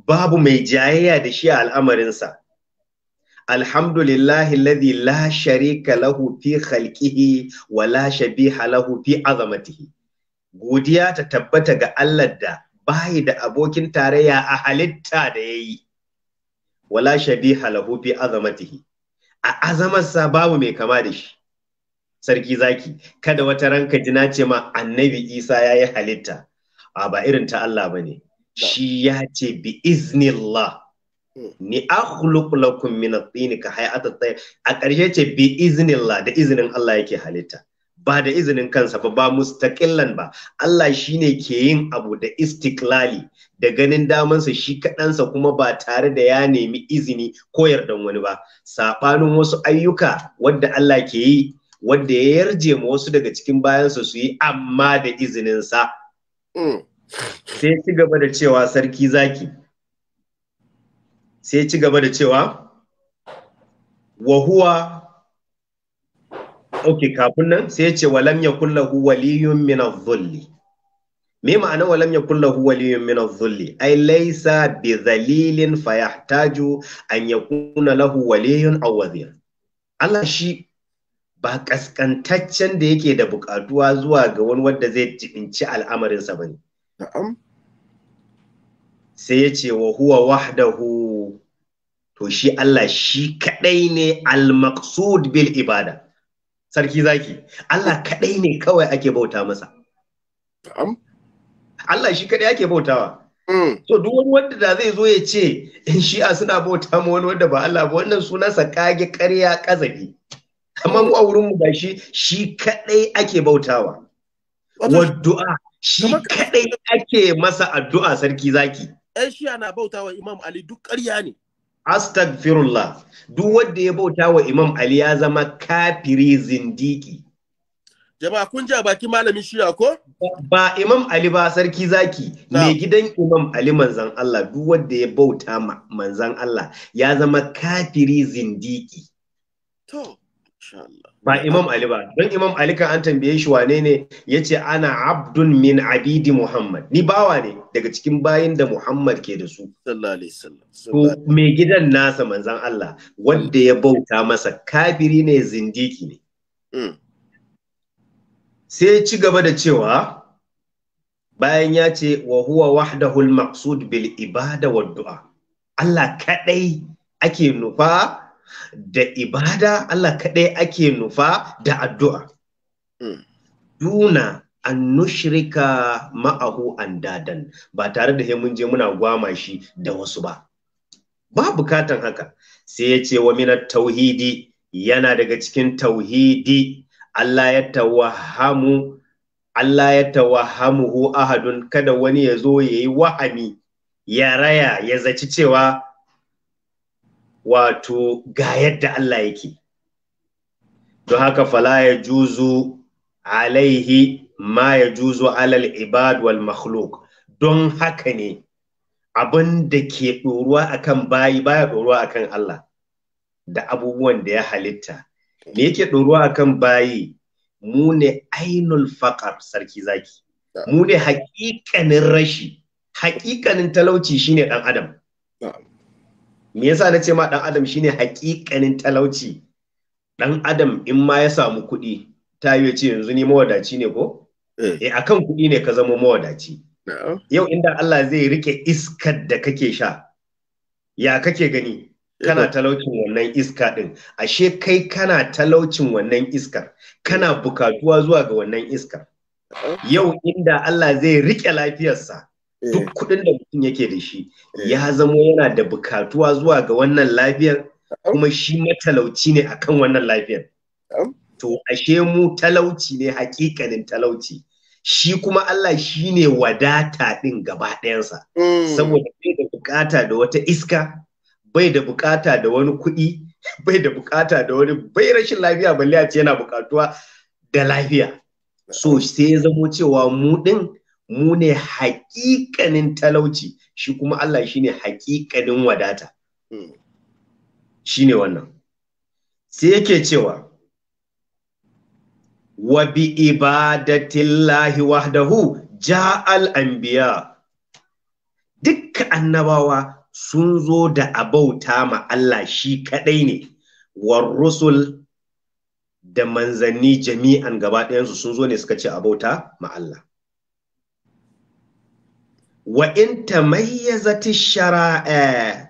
babu mai jayayya da shi a al'amarinsa alhamdulillah, allazi la sharika lahu fi khalqihi wala shabiha lahu fi azamatihi godiya ta tabbata ga Allah da bayi da abokin tarayya a halitta da ya yi wala shabiha halahu fi azamatihi a azamarsa babu mai kama da shi sarki zaki kada wata ranka jina ce ma annabi isa ya yi halitta a ba irin ta Allah ba ne shi ya ce bi iznillah hmm. ni a lakum min at ka hay'at a ƙarshe ce bi iznillah da iznin Allah yake halitta ba da izinin kansa ba ba mustaƙillan ba Allah shi ne ke yin abu da istiklali da ganin damansa shi kaɗansa kuma ba tare da ya nemi izini ko yardan wani ba saɓanin wasu ayyuka wadda Allah ke yi wadda ya yarje ma wasu daga cikin bayansa su yi amma da izininsa mm. sai ci gaba da cewa sarki zaki sai ci gaba da cewa wa okay kafin nan sai ya ce walam yakul lahu waliyun min adh-dhulli me ma'ana walam yakul lahu waliyun min adh-dhulli ai laysa bi dhalilin fayahtaju an yakuna lahu waliyun aw wazir Allah shi ba kaskantaccen da yake da bukatuwa zuwa ga wani wanda zai jibinci al'amarinsa bane ne. Sai ya ce wa huwa wahdahu to shi Allah shi kadai ne al-maqsud bil ibada. sarki zaki Allah kaɗai ne kawai ake bauta masa Allah shi kadai ake bautawa mm. so duk wani wanda da zai zo ya ce in shi'a suna bauta ma wani wanda ba Allah ba wannan sunansa kage ƙarya kazabi amma mu a wurin mu gashi shi kaɗai ake bautawa waddu'a shi kaɗai ake masa addu'a sarki zaki ɗan shi'a na bautawa Imam Ali duk ƙarya ne astagfirullah duk wanda ya bauta wa imam ali ya zama kafiri zindiki jama'a kun ja baki malamin shiya ko ba imam ali ba sarki zaki mai gidan imam ali manzan Allah duk wanda ya bauta manzan Allah ya zama kafiri zindiki to ba imam ali ba don imam ali kan an tambaye shi wane ne ya ce ana abdun min abidi muhammad ni bawa ne daga cikin bayan da muhammad ke da su to mai gidan nasa manzan allah wanda ya bauta masa kabiri ne zindiki ne mm. sai ci gaba da cewa bayan ya ce wa huwa wahdahul maqsud bil ibada wa du'a allah kadai ake nufa da ibada Allah kaɗai ake nufa da addu'a. Hmm. Duna an nushirika ma'ahu an dadan ba tare da mun je muna gwama shi da wasu ba. Ba bukatan haka sai ya ce wa minar tauhidi yana daga cikin tauhidi Allah ya tawahamu Allah ya tawahamuhu ahadun kada wani ya zo ya yi wa'ami ya raya ya zaci cewa wato ga yadda Allah yake don haka fala ya juzu alaihi ma ya juzu alal ibad wal makhluk don haka ne abin da ke ɗoruwa akan bayi baya ɗoruwa akan Allah da abubuwan da ya halitta me yake ɗoruwa akan bayi mu ne ainul faƙar sarki zaki mu ne haƙiƙanin rashi haƙiƙanin talauci shine ɗan adam me yasa na ce ma dan adam shine hakikanin talauci dan adam in ma ya samu kuɗi ta yi ce yanzu ni mawadaci ne ko eh, eh akan kuɗi ne ka zama mawadaci yau inda Allah zai rike iskar da kake sha ya kake gani eh. kana talaucin wannan iska din ashe kai kana talaucin wannan iskar kana bukatuwa zuwa ga wannan iskar yau inda Allah zai rike lafiyarsa duk eh. kuɗin da mutum yake da shi eh. ya zamo yana da bukatuwa zuwa ga wannan lafiyar kuma shi matalauci ne akan wannan lafiyar to ashe mu talauci ne hakikanin talauci shi kuma Allah shi ne wadata din gaba ɗayansa mm. saboda bai da bukata da wata iska bai da bukata da wani kuɗi bai da bukata da wani bai rashin lafiya balle a ce yana bukatuwa da lafiya so sai ya zamo cewa mu ɗin mu ne haƙiƙanin talauci shi kuma Allah shi ne haƙiƙanin wadata hmm. shi ne wannan sai yake cewa wa bi ibadatillahi wahdahu ja'al anbiya dukka annabawa sun zo da abauta ma Allah shi kaɗai ne war rusul da manzanni jami'an gaba ɗayansu sun zo ne suka ce abauta ma Allah wa in tamayyazati shara'a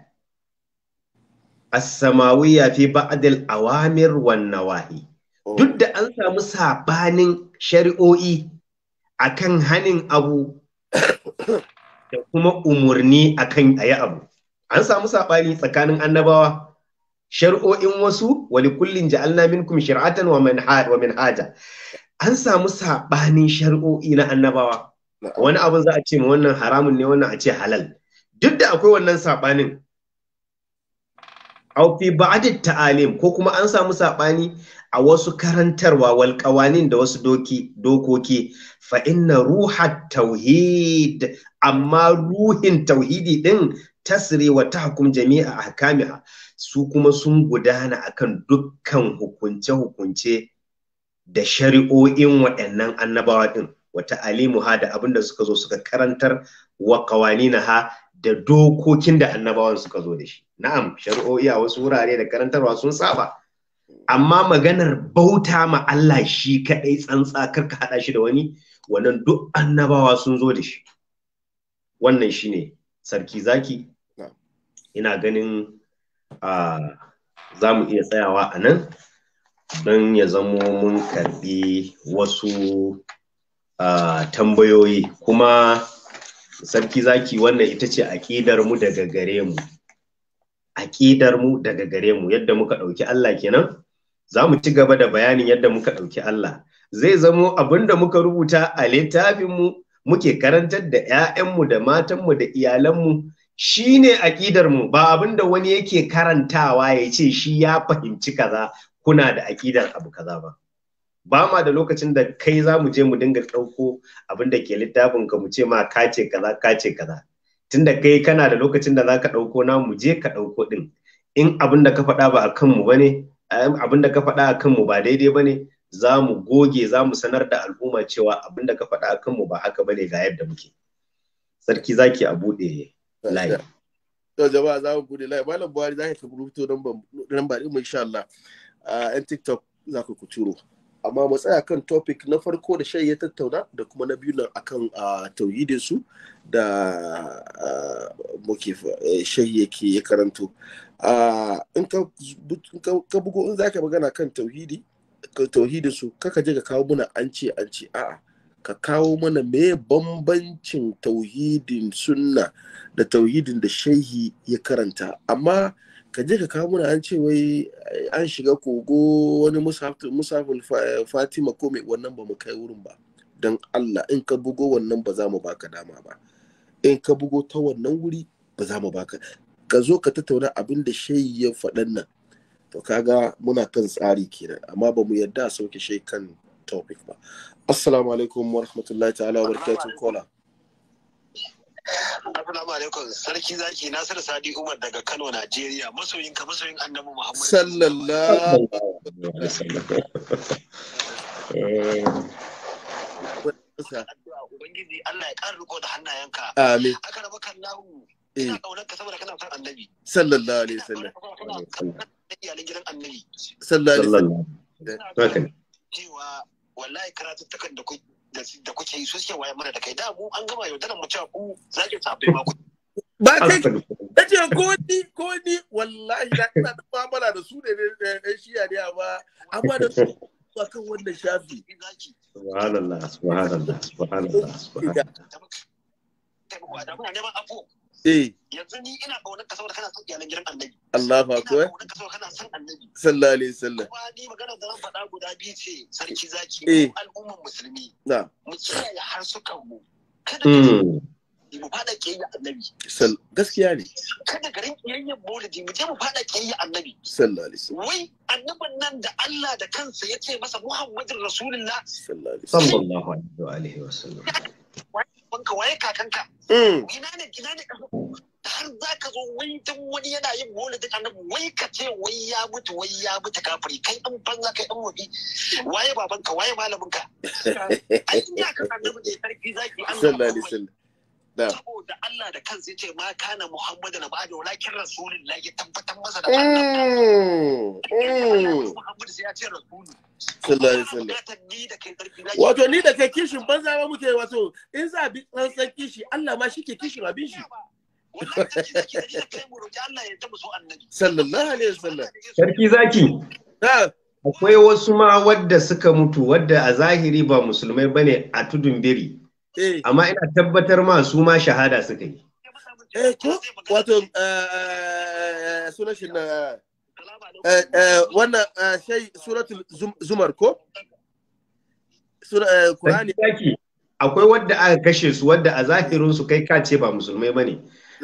as-samawiyya fi ba'd al-awamir wan oh. duk da an samu saɓanin shari'o'i akan hanin abu da kuma umarni akan ayi abu an samu sabani tsakanin annabawa shari'o'in wasu wali kullin ja'alna minkum shir'atan wa manhaja an samu saɓanin shari'o'i na annabawa wani abin za a ce ma wannan haramun ne wannan a ce halal duk da akwai wannan saɓanin au fi ba'd ta'alim ko kuma an samu saɓani a wasu karantarwa wal qawanin da wasu doki dokoki fa inna ruha tauhid amma ruhin tauhidi din tasri wa tahkum jami'a ahkamiha su kuma sun gudana akan dukkan hukunce hukunce da shari'o'in waɗannan annabawa din wa ha da abin da suka zo suka karantar wa ha da dokokin da annabawan suka zo da shi na'am shari'o'i a wasu wurare da karantarwa sun saba amma maganar bauta ma Allah shi kadai tsantsa karka hada shi da wani wannan duk annabawa sun zo da shi wannan shine sarki zaki ina ganin za mu iya tsayawa a nan don ya zamo mun karbi wasu tambayoyi kuma sarki zaki wannan ita ce aƙidar mu daga gare mu aƙidar mu daga gare mu yadda muka ɗauki Allah kenan za mu ci gaba da bayanin yadda muka ɗauki Allah zai zamo abinda muka rubuta a littafin mu muke karantar da 'ya'yanmu da matanmu da iyalanmu shi ne mu. ba abinda wani yake karantawa ya ce shi ya fahimci kaza kuna da aƙidar abu kaza ba. ba ma da lokacin da kai za mu je mu dinga ɗauko abin da ke littafin ka mu ce ma ka ce kaza ka ce kaza da kai kana da lokacin da za ka ɗauko na mu je ka ɗauko ɗin in abin da ka faɗa ba a kanmu ba ne eh, abin da ka faɗa a kanmu ba daidai ba ne za mu goge za mu sanar da al'umma cewa abin da ka faɗa a kanmu ba haka ba ne ga yadda muke sarki zaki a buɗe layi to jama'a za mu buɗe layi malam buhari za ka rubuto nan ba din mu insha Allah a tiktok za ku ku turo amma mu tsaya kan topic na farko da shayi ya tattauna da kuma na biyu nan akan tauhidin su da muke eh, shai yake ya karanto in ka bugo in za ka magana kan tauhidi su kaka je ka kawo muna an ce an ce a'a ka kawo mana me bambancin tauhidin sunna da tauhidin da shaihi ya karanta amma ka je ka kawo muna an ce wai eh, an shiga kogo wani musafin fatima ko mai wannan ba mu kai wurin ba don allah in ka bugo wannan ba za mu baka dama ba in ka bugo ta wannan wuri ba za mu baka ka zo ka tattauna abin da shayi ya faɗan nan to kaga muna kan tsari kenan amma ba mu yarda a sauke shai kan topic ba assalamu alaikum rahmatullahi ta'ala wa barakatuh kola Assalamu alaikum sarki zaki Nasiru Sadi Umar daga Kano Najeriya masoyin ka masoyin Annabi Muhammad sallallahu alaihi wasallam. Ubangiji Allah ya ƙara riko da hannayenka. Amin. Aka raba eh. Ina ka saboda kana son annabi. Sallallahu alaihi wasallam. gidan annabi. Sallallahu alaihi wasallam. Cewa wallahi da kuke da kuke yi su suke waye mana da kai da mu an gama yau dana mu cewa ku zagin sabai ma ku ba kai ce ko ni ko ni wallahi da ina da mamala da su ne dan shiya ne amma amma da su akan wanda shafi subhanallah subhanallah subhanallah subhanallah Eh. yanzu ni ina kaunar ka saboda kana son iyalan gidan annabi Allahu akbar ina kaunar ka saboda kana son annabi sallallahu alaihi wasallam kuma ni magana da zan faɗa guda biyu ce sarki zaki eh. al'ummar musulmi na mu kiyaye harsukan mu kada hmm. mu fada kiyayya annabi gaskiya ne kada garin kiyayyen maulidi mu je mu fada kiyayya annabi sallallahu alaihi wasallam wai annabin nan da Allah da kansa ya ce masa Muhammadur Rasulullah sallallahu alaihi wasallam babanka waye kakanka mm. ina ne ina ne har za ka zo wai duk wani yana yin maulidin annabi wai ka ce wai ya mutu wai ya mutu kafiri kai an banza kai an wabi waye babanka waye malaminka ai ina ka annabi ne sarki zaki Allah Sallallahu alaihi wasallam. saboda Allah da kansa ce ma kana Muhammadu na ba'da walakin rasulullah ya tabbatar masa da Allah eh, eh. Muhammadu sai ya ce rasulu wato ni da kai kishin banza ba muke wato in za a bi tsantsan kishi Allah ma shi ke kishin abin shi sallallahu alaihi wasallam sarki zaki akwai wasu ma wadda suka mutu wadda a zahiri ba musulmai bane a tudun biri Eh. amma ina tabbatar ma su ma shahada suka yi eh ko wato eh, akwai wadda aka kashe su wadda a zahirin su kai ka ce ba musulmai bane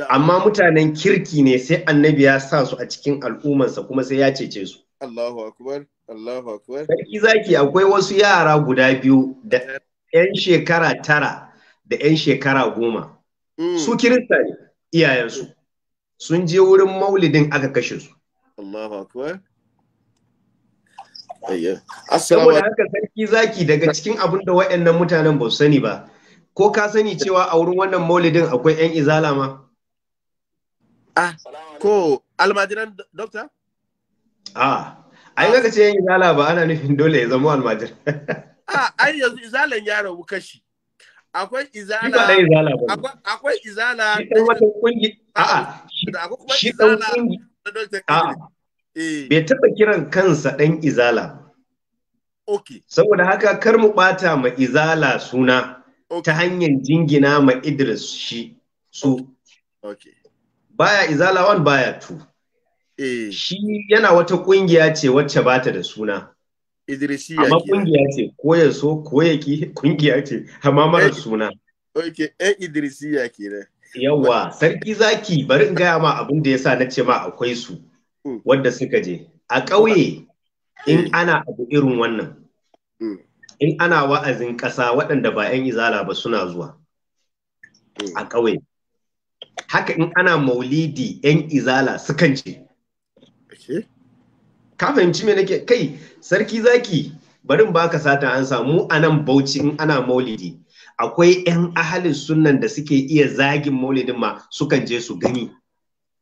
amma mutanen kirki ne sai annabi ya sa su a cikin al'ummarsa kuma sai ya cece su Allahu akbar Allahu akbar sarki zaki akwai wasu yara guda biyu da eh. 'yan shekara tara da 'yan shekara goma mm. su kirista ne iyayensu sun je wurin maulidin aka kashe su Allahu akbar saboda haka sarki zaki daga cikin abin da waɗannan mutanen ba su sani ba ko ka sani cewa a wurin wannan maulidin akwai 'yan izala ma ah ko almajiran dokta ah ai ga ce 'yan izala ba ana nufin dole ya zama almajir. a ai yanzu izalan ya rabu kashi akwai izala akwai izala ah, a'a shi dan kungi a'a eh. bai taɓa kiran kansa ɗan izala Okay. Saboda haka kar mu ɓata ma izala suna ta hanyar jingina ma Idris shi su. Baya izala wan baya tu. Eh. Shi yana wata ƙungiya ce wacce bata da suna. Idrisiya Amma kungiya ce ko ya so ko ya ki kungiya ce amma mara eh, suna. Ok, ‘yan eh, Idrisiya kenan. Yawwa, sarki zaki bari in gaya ma abin da ya sa na ce ma akwai su mm. wadda suka je. A ƙauye mm. in ana abu irin wannan, mm. in ana wa'azin ƙasa waɗanda ba ‘yan izala ba suna zuwa a ƙauye. Haka in ana maulidi ‘yan izala sukan ce. ka fahimci me nake kai sarki zaki barin baka sata an samu anan bauchi in ana maulidi akwai yan ahalin sunnan da suke iya zagin maulidin ma sukan je su gani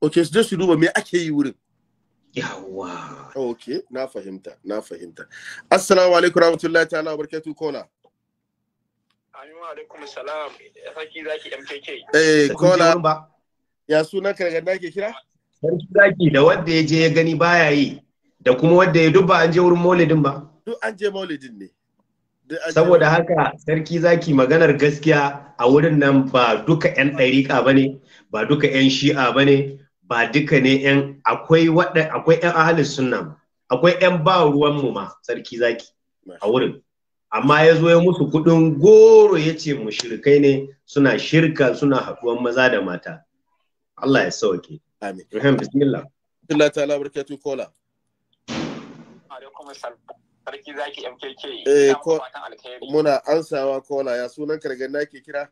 okay su je su duba me ake yi wurin yawa okay na fahimta na fahimta assalamu alaikum rahmatullahi ta'ala barkatu kola Ayyuma alaikum salam sarki zaki MKK eh kola ya sunan kargan da ke kira sarki zaki da wanda ya je ya gani baya yi da kuma wadda ya duba an je wurin maulidin ba duk an je maulidin ne saboda haka sarki zaki maganar gaskiya a wurin nan ba duka 'yan ɗariƙa ba ne ba duka 'yan shi'a ba ne ba duka ne 'yan akwai waɗa akwai 'yan ahalin sunna akwai 'yan ba ruwanmu ma sarki zaki a wurin amma ya zo ya musu kuɗin goro ya ce mu shirkai ne suna shirka suna haɗuwan maza da mata Allah ya sauke amin bismillah Allah ta'ala barakatuh kola alaikum sarki zaki MKK. Eh ko muna ansawa kola ya sunan kargan nake kira.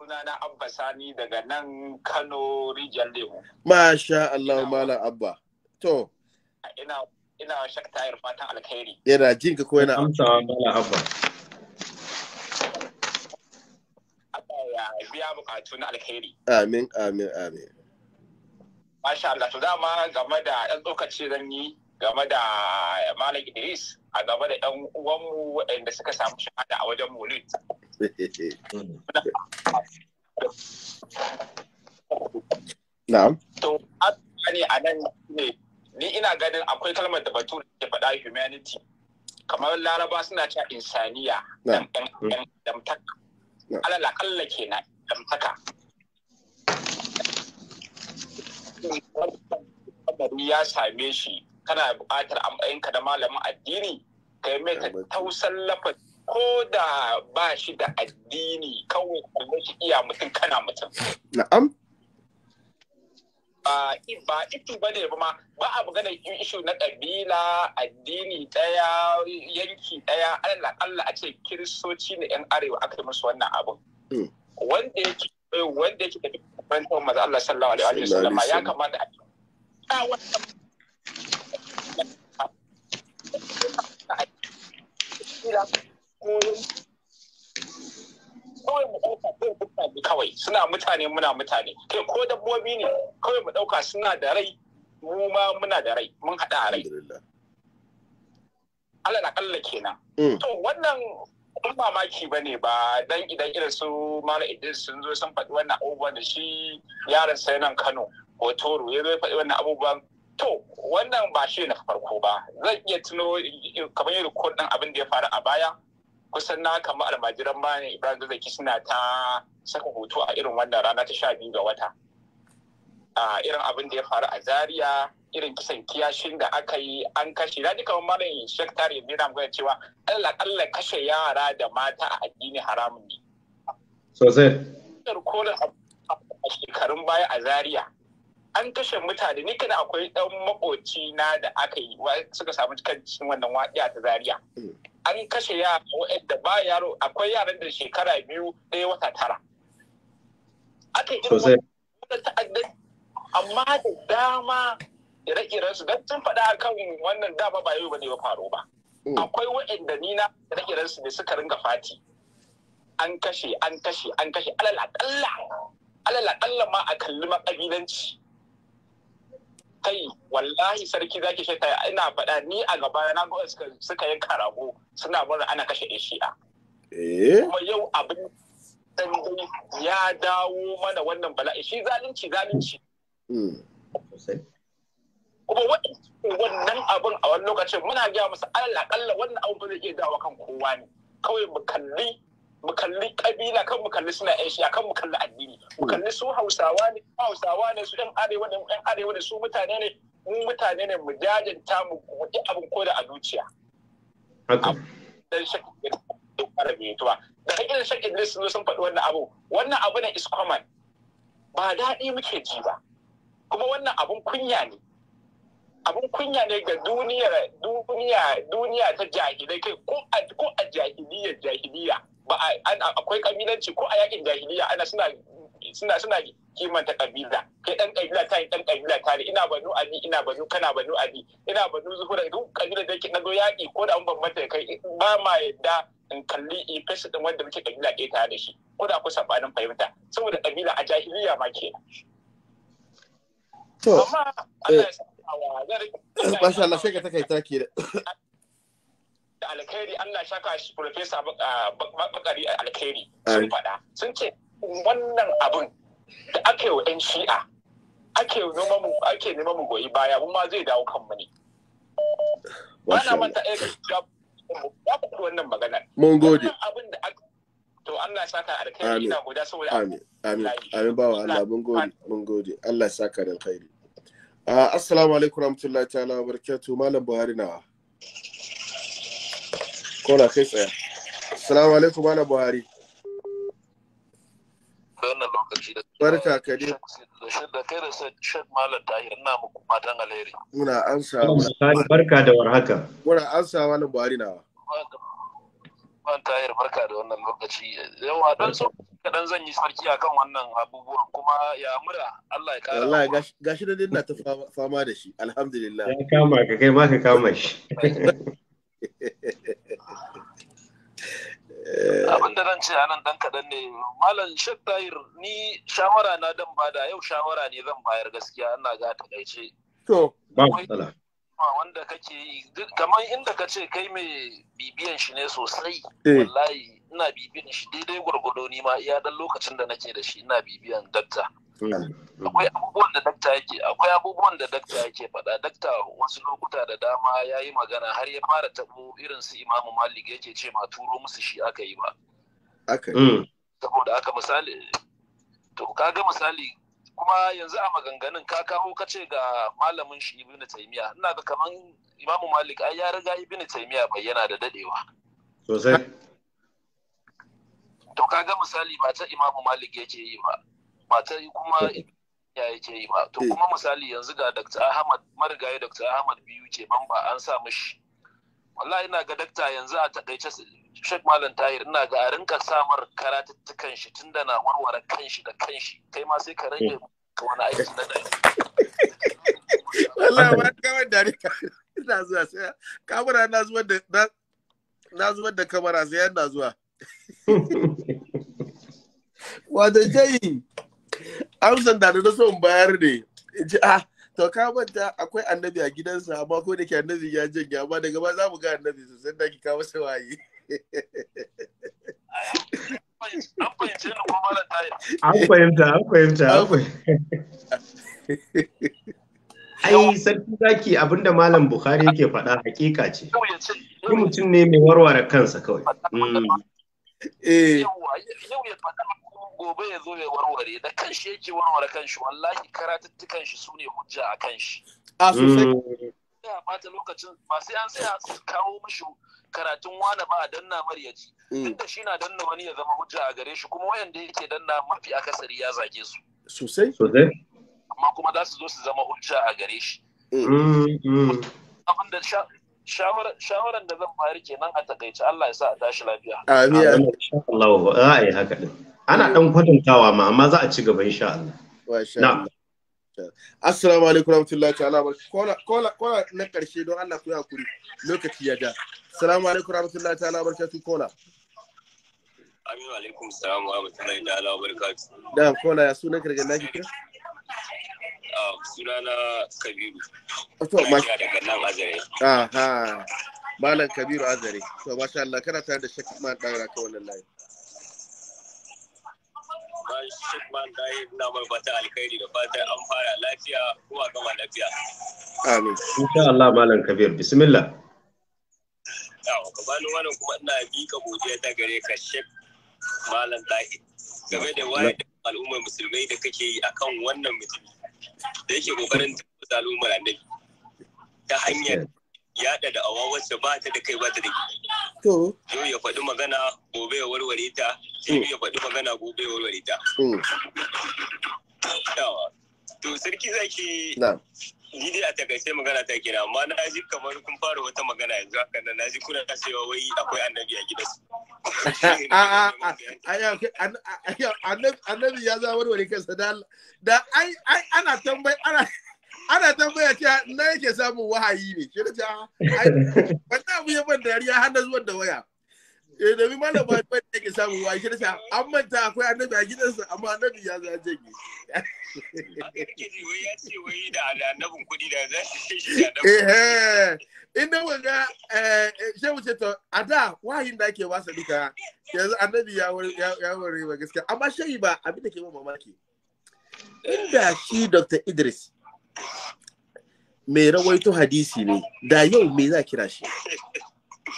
Sunana Abba Sani daga nan Kano region Lemu. Masha Allah mala Abba. To. Ina ina shak tayar fatan alkhairi. Yana jin ka ko yana amsawa mala Abba. Abba ya biya bukatu na alkhairi. Amin amin amin. Masha Allah to dama game da ɗan tsokaci zan yi game da Malam Idris a game da 'yan uwanmu waɗanda suka samu shahada a wajen Maulid. Na'am. To, ne a nan ne, ni ina ganin akwai kalmar da batu da faɗa humanity. Kamar Laraba suna cewa insaniya, damtaka. Alal akalla na damtaka. ya same shi kana buƙatar amfayinka da malamin addini ka yi mai tausan lafazi ko da ba shi da addini kawai kuma shi iya mutum kana mutum. Na'am. Ba ba itu ba ne ba ma ba a magana ishu na ƙabila addini ɗaya yanki ɗaya Allah Allah a ce kiristoci ne yan arewa aka yi musu wannan abin. Hmm. Wanda yake wanda yake da kwantar maza Allah sallallahu alaihi wa sallama ya kamata a ta basira kawai mu ɗauka kai mutane kawai suna mutane muna mutane kai ko dabbobi ne kawai mu ɗauka suna da rai mu ma muna da rai mun haɗa a rai Allah na kalla kenan mm. to wannan mamaki ba ne ba dan idan irin su mara idris sun zo sun faɗi wannan abubuwan da shi yaron sai nan kano hotoro ya zo ya faɗi wannan abubuwan To, wannan ba shi na farko ba. Zan iya tuno kamar yin rikodin abin da ya faru a baya. Kusan na kama almajiran ma Ibrahim Zazaki suna ta saka hoto a irin wannan rana ta sha biyu ga wata. A irin abin da ya faru a Zaria, irin kisan kiyashin da aka yi an kashe. Na ji kamar malam Sheikh Tare cewa Allah kashe yara da mata a addini haramun ne. Sosai. Rikodin a shekarun baya a Zaria. an kashe mutane ni kana akwai dan makoci na da aka yi suka samu kan cikin wannan waƙiya ta zaria hmm. an kashe yara waɗanda ba yaro akwai yaran da shekara biyu ɗaya wata tara aka yi irin amma da dama ire-iren su don sun faɗa kan wannan dama ba yau ba ne ba faru ba hmm. akwai waɗanda ni na ire-iren su ne suka ringa fati an kashe an kashe an kashe alal akalla alal akalla ma a kalli makabilanci kai wallahi sarki zaki shaita ina faɗa ni a gaba na ga suka yi karago suna mura ana kashe ɗan shi'a. Eh? Kuma yau abin ya dawo mana wannan bala'i shi zalunci zalunci. Hmm. Kuma wannan abin a wani lokacin muna gaya musu alal akalla wannan abin ba zai iya dawo kan kowa ne. Kawai mu kalli mu kalli kabila kan mu kalli suna yan shiya kan mu kalli addini mu hmm. kalli su hausawa ne hausawa ne su yan arewa ne yan arewa ne su mutane ne mu mutane ne mu jajanta mu kuɗi abin koda da a zuciya da fara biyutuwa da hakin shakin sun faɗi wannan abu wannan abu na is common ba daɗi muke ji ba kuma wannan abun kunya ne abun kunya ne ga duniya duniya ta jahilai kai ko a jahiliyar jahiliya akwai kabilanci ko a yakin jahiliya ana suna suna kimanta kabila kai dan kabila ta dan kabila ta ina banu abi ina banu kana banu abi ina banu zuhura duk kabila da yake nazo yaki ko da an bambanta kai ba ma yadda in kalli fesa din wanda muke kabila ɗaya tare da shi ko da ku sabanin fahimta saboda kabila a jahiliya ma ke to amma eh, Allah ya sa wa zan Masha Allah sai ka takaita ke da da alkhairi Allah shaka shi Profesa ah, Bakari alkhairi sun faɗa sun ce wannan abun da ake wa 'yan shi'a ake neman mu ake neman mu goyi baya mu ma zai dawo kan kanmu ne ba na manta eh, ya faɗi wannan maganar mun gode abin da to Allah saka alkhairi ina goda saboda amin amin amin bawa Allah mun gode mun gode Allah saka da alkhairi ah, assalamu alaikum warahmatullahi ta'ala wa barakatuh malam Buhari na kola kai tsaya salamu alaikum bala buhari da barka ka dai da kai da shek malam tahir ina muku fatan alheri muna samu barka da warhaka muna malam buhari nawa Man tahir barka da wannan lokaci yawa dan so kadan zan yi sarki akan wannan abubuwan kuma ya mura Allah ya kara wallahi gashi da dinna ta fama da shi alhamdulillah ya kama ka kai ma ka kama shi abin da zan ce a nan dan kaɗan ne malam shek tahir ni shawara na dan bada yau shawara ne zan bayar gaskiya ina ga kaice to ba matsala wanda kake yi kamar inda ka ce kai mai bibiyan shi ne sosai eh. wallahi ina bibiyan shi daidai gwargwado ni ma iya dan lokacin da nake da shi ina bibiyan dakta akwai abubuwan da dakta yake akwai dakta faɗa dakta wasu lokuta da dama ya yi magana har ya fara tabo irin su imamu malik yake ce ma turo musu shi aka yi ba aka yi mm. saboda aka misali to kaga misali kuma yanzu a maganganun ka kawo ka ce ga malamin shi ibn taymiya ina ga kaman imamu malik ai ya riga ibn taymiya bayyana da dadewa sosai to kaga misali ba ta imamu malik yake yi ba matar kuma eh. ya yake yi ba to eh. kuma misali yanzu ga Dr. Ahmad marigayi Dr. Ahmad biyu ce ban ba an sa mishi wallahi ina ga dakta yanzu a takaice Sheikh Malam Tahir ina ga a rinka samar karatuttukan shi tunda na warware kanshi da kanshi kai ma sai ka rage eh. ka wani aiki na da wallahi ba ka wani dare ina zuwa sai kamara na zuwa da na zuwa da kamara sai yana zuwa wato jayi amsan da na son bayar ne ah to ka manta akwai annabi a gidansa amma ko da ke annabi ya janya amma daga ba za mu ga annabi sosai da ki kawo sa waye an fahimta an fahimta an fahimta ai sarki zaki abinda malam bukhari yake faɗa hakika ce shi mutum ne mai warware kansa kawai mm. yau ya faɗa gobe ya zo ya warware da shi yake warware kan shi, wallahi karatuttukan shi su ne hujja a kan shi. Ah, a sosai ya bata lokacin ba sai an sai a kawo mashi karatun wani ba a danna maryaji mm. duk da shi na danna wani ya zama hujja a gare shi kuma wayanda yake danna mafi akasari ya zage su sosai amma kuma za su zo su zama hujja a gare shi mm. Mm, abin da shawaran da zan bayar kenan a takaice Allah ya sa a tashi lafiya amin Allah ba eh, haka din ana dan eh. kwatantawa ma amma za a ci gaba insha Allah na assalamu alaikum warahmatullahi ta'ala kola kola kola na karshe don Allah ku ya hakuri lokaci ya ja assalamu alaikum warahmatullahi ta'ala barkatu kola Aminu alaikum salam wa rahmatullahi ta'ala wa barakatuh da kola ya suna ka daga naki kira ah, sunana Kabiru ah, to ma daga nan Azare aha malam Kabiru Azare to masha Allah kana tare da shakki ma dan raka wannan layi ba Shekman Dahi ina mai fata alkhairi da fatan an fara lafiya kuma gama lafiya. Amin. Insha Allah Malam Kabir bismillah. Yawa gabanin wannan kuma ina miƙa godiya ta gare ka Shek Malam Dahi game da wayar da al'ummar musulmai da kake yi a kan wannan mutum da yake kokarin tabbata al'ummar annabi ta hanyar yaɗa da awa wacce ba ta da kai ba ta da To. Yau ya faɗi magana gobe ya warware ta, Yau ya faɗi magana gobe ya warware ta. To sarki zaki ni dai a takaice magana ta kira amma na ji kamar kun fara wata magana yanzu haka nan na ji kuna cewa wai akwai annabi a gidansu. Annabi ya za warware kansa da ai, ai ana tambayi ana ana tambaya cewa na yake samun wahayi ne da ta. wannan abu ya ban dariya har na zuwan da waya eh da bi ba ban yake samun wahayi da ta. an manta akwai annabi a gidansa amma annabi ya za jage wai ya ce wai da annabin kuɗi da za shi shi da eh, eh in wanga eh shehu ce to a da wahayin da ake wasa duka yanzu annabi ya wuri ba gaskiya amma shehi ba abin da ke mamaki inda shi Dr. Idris mai rawaito hadisi ne da yau me za kira shi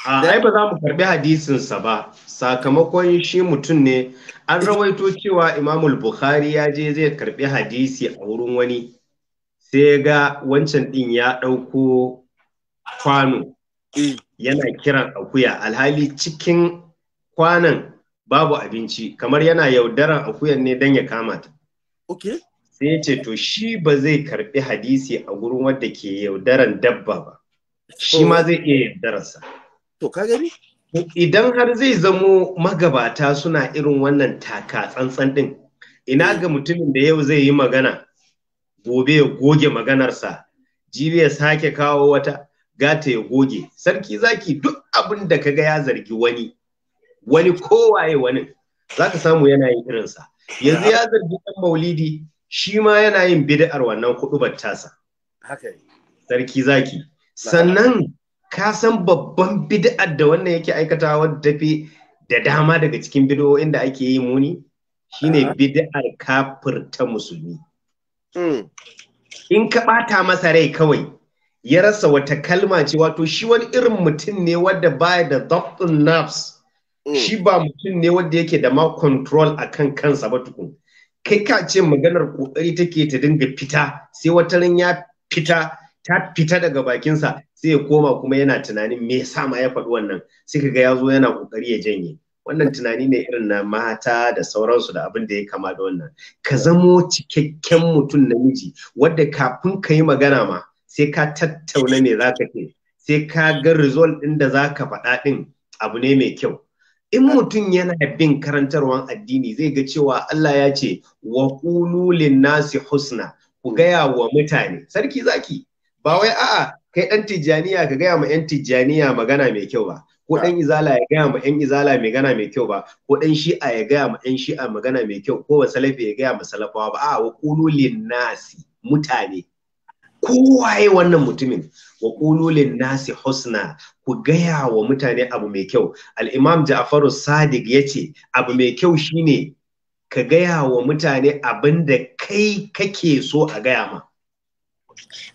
ai ba za mu karbi hadisinsa ba sakamakon shi mutum ne an rawaito cewa imamul bukhari ya je zai karbi hadisi a wurin wani sai ga wancan din ya ɗauko kwano eh. yana kiran akuya alhali cikin kwanan babu abinci kamar yana yaudaran akuyan ne don ya kama ta. Okay. sai ce to shi ba zai karbi hadisi a gurin wanda ke yaudaran dabba ba shi ma zai iya yaudararsa to ka gani idan har zai zamo magabata suna irin wannan taka tsantsan din ina hmm. ga mutumin da yau zai yi magana gobe ya goge maganarsa jibi ya sake kawo wata gata ya goge sarki zaki duk abin da kaga ya zargi wani wani kowaye wani zaka samu yana yin irinsa yanzu ya zargi dan maulidi shi ma yana yin bid'ar wannan kuɗubar tasa sarki zaki sannan ka san babban bid'ar da wannan yake aikatawa wadda fi da dama daga cikin bid'o'in da ake yi muni ne bid'ar kafirta musulmi mm. in ka ɓata masa rai kawai ya rasa wata kalma ce wato shi wani irin mutum ne wadda baya da dabtun nafs mm. shi ba mutum ne wadda yake da ma control akan kansa ba tukun kai ka ce maganar kokari take ta dinga fita sai wata ran ya fita ta fita daga bakinsa sai ya koma kuma yana tunanin me yasa ma ya faɗi wannan sai kaga ya zo yana kokari ya janye wannan tunani ne irin na mata da sauransu da abin da ya kama da wannan ka zamo cikakken mutum namiji wadda kafin ka yi magana ma sai ka tattauna me zaka ce sai ka ga result ɗin da zaka faɗa ɗin abu ne mai kyau in mutum yana bin karantarwan addini zai ga cewa Allah ya ce wa nasi husna ku gaya wa mutane sarki zaki ba wai a'a kai dan tijaniya ka gaya ma yan tijaniya magana mai kyau ba ko dan izala ya gaya ma yan izala gana mai kyau ba ko dan shi'a ya gaya ma yan shi'a magana mai kyau ko salafi ya gaya ma salafawa ba a'a wa nasi mutane kowaye wannan mutumin wa ƙulolin nasi husna ku gaya wa mutane abu mai kyau al'imam ja'faru sadiq ya ce abu mai kyau shine ka gaya wa mutane abin da kai kake so a gaya ma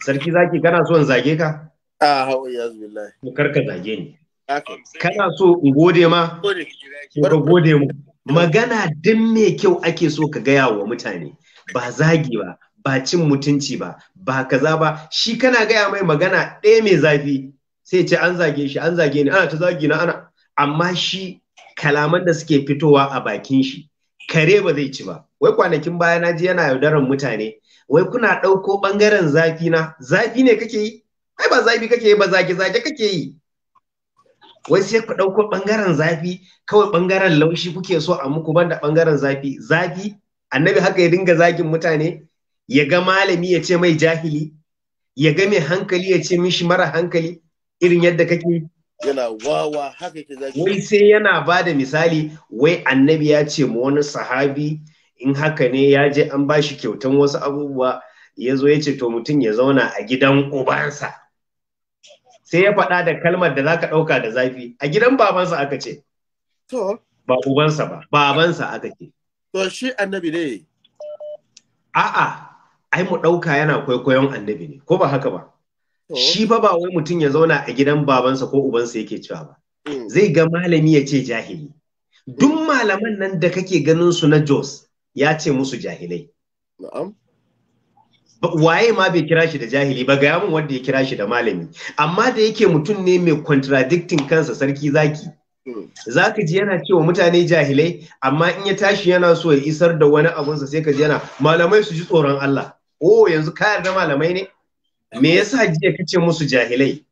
sarki zaki kana so in zage ka a hawa ya kar karka zage ni kana so in gode ma ka gode mu magana din mai kyau ake so ka gaya wa mutane ba zagi ba ba cin mutunci ba ba kaza ba shi kana gaya mai magana ɗaya mai zafi sai ce an zage shi an zage ni ana ta zagi na ana amma shi kalaman da suke fitowa a bakin shi kare ba zai ci ba wai kwanakin baya na ji yana yaudaran mutane wai kuna ɗauko ɓangaren zafi na zafi ne kake yi ai ba zafi kake yi ba zage zage kake yi wai sai ku ɗauko ɓangaren zafi kawai ɓangaren laushi kuke so a muku banda ɓangaren zafi zafi annabi haka ya dinga zagin mutane ya ga malami ya ce mai jahili ya ga mai hankali ya ce mishi mara hankali irin yadda kake yana wawa haka yake zaki wai sai yana ba da misali wai annabi ya ce ma wani sahabi in haka ne ya je an ba shi kyautan wasu abubuwa ya zo ya ce to mutum ya zauna a gidan ubansa sai ya faɗa da kalmar da za ka ɗauka da zafi a gidan babansa aka ce to ba ubansa ba babansa aka ce to shi annabi ne a'a ai mu ɗauka yana kwaikwayon annabi ne ko ba haka ba shi fa ba wai mutum ya zauna a gidan babansa ko ubansa yake cewa ba mm. zai ga malami ya ce jahili duk mm. malaman nan da kake ganin su na Jos ya ce musu jahilai waye ma bai kira shi da jahili ba Gaya mun wanda ya kira shi da malami amma da yake mutum ne mai contradicting kansa sarki zaki mm. zaka ka ji yana cewa mutane jahilai amma in ya tashi yana so ya isar da wani abunsa sai ka ji yana malamai su ji tsoron Allah oh yanzu ka yarda malamai ne me yasa jiya kace musu jahilai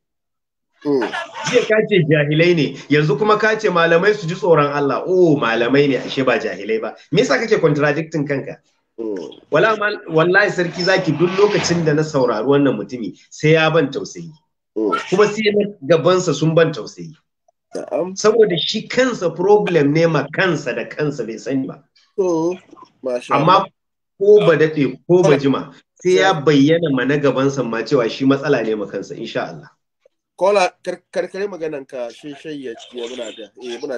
hmm. jiya kace jahilai ne yanzu kuma kace malamai su ji tsoron Allah oh malamai ne ashe ba jahilai ba me yasa kake contradicting kanka hmm. wallahi sarki zaki duk lokacin da na saurari wannan mutumi sai ya ban tausayi hmm. kuma sai na gabansa sun ban tausayi saboda shi kansa problem ne ma kansa da kansa bai sani ba amma ko ba daɗe ko ba jima sai ya bayyana ma na gaban ma cewa shi matsala ne ma kansa insha Allah. Kola karkare maganan ka shi ciki muna da eh, muna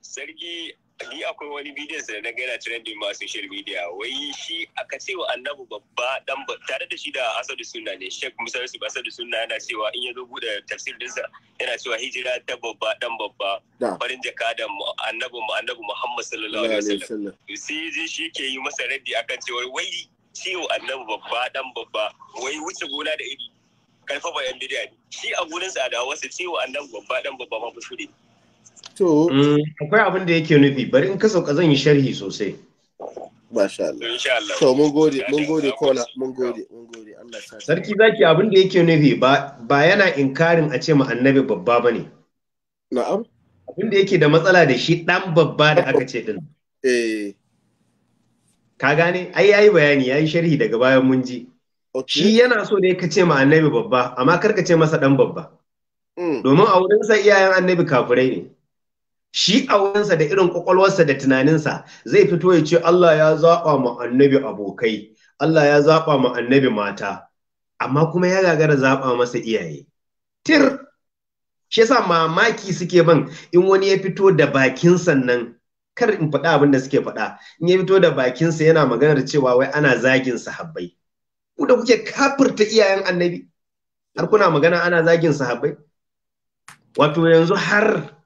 Sarki ni akwai wani bidiyon sa na gaina trending ma social media wai shi aka ce wa annabu babba dan tare da shi da asadu sunna ne shek musa yusuf asadu sunna yana cewa in ya zo bude tafsir dinsa yana cewa hijira ta babba dan babba farin jaka da annabu mu annabu muhammad sallallahu alaihi wasallam sai ji shi ke yi masa raddi akan cewa wai ciwo annabu babba dan babba wai wuce gona da iri karfafa yan bidiyani shi a gurin sa da wasu ciwo annabu babba dan babba ma fushuri ne To. Mm. Akwai abin da yake nufi, bari in ka sauka zan yi sharhi sosai. Masha Allah. Allah. To mun gode, mun gode kola, mun gode, mun gode. Allah Sarki zaki abin da yake nufi ba ba yana inkarin a ce ma annabi babba ne. Na'am. Abin da yake da matsala da shi dan babba da aka ce din. Eh. Ka gane? Ai yayi bayani, yayi sharhi daga bayan mun ji. Shi yana so ne ka ce ma annabi babba, amma kar ka ce masa dan babba. Mm. Domin a wurin sa iyayen annabi kafirai ne. shi a wurinsa da irin kwakwalwarsa da tunaninsa zai fito ya ce Allah ya zaɓa ma annabi abokai Allah ya zaɓa ma annabi mata amma kuma ya gagara zaɓa masa iyaye tir shi yasa mamaki suke ban in wani ya fito da bakin sannan kar in faɗa abin da suke faɗa in ya fito da bakinsa yana maganar cewa wai ana zagin sahabbai ku da kuke kafirta iyayen annabi har kuna magana ana zagin sahabbai wato yanzu har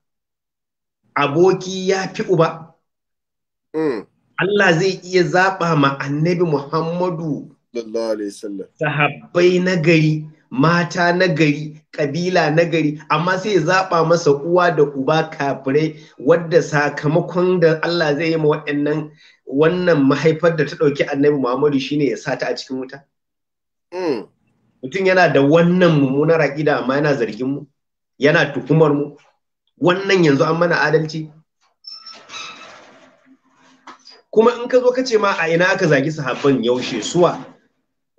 aboki ya fi uba mm. Allah zai iya zaɓa ma annabi Muhammadu sahabbai na gari mata nagari, gari ƙabila na amma sai zaɓa masa uwa da uba kafirai wadda sakamakon da Allah zai yi ma waɗannan wannan mahaifar da ta ɗauki annabi Muhammadu shine ya sata a cikin wuta? Mm. Mutum yana da wannan mummunar aƙida amma yana zargin mu, yana tuhumar mu, wannan yanzu an mana adalci kuma in ka zo ka ce ma a ina aka zagi sahabban yaushe suwa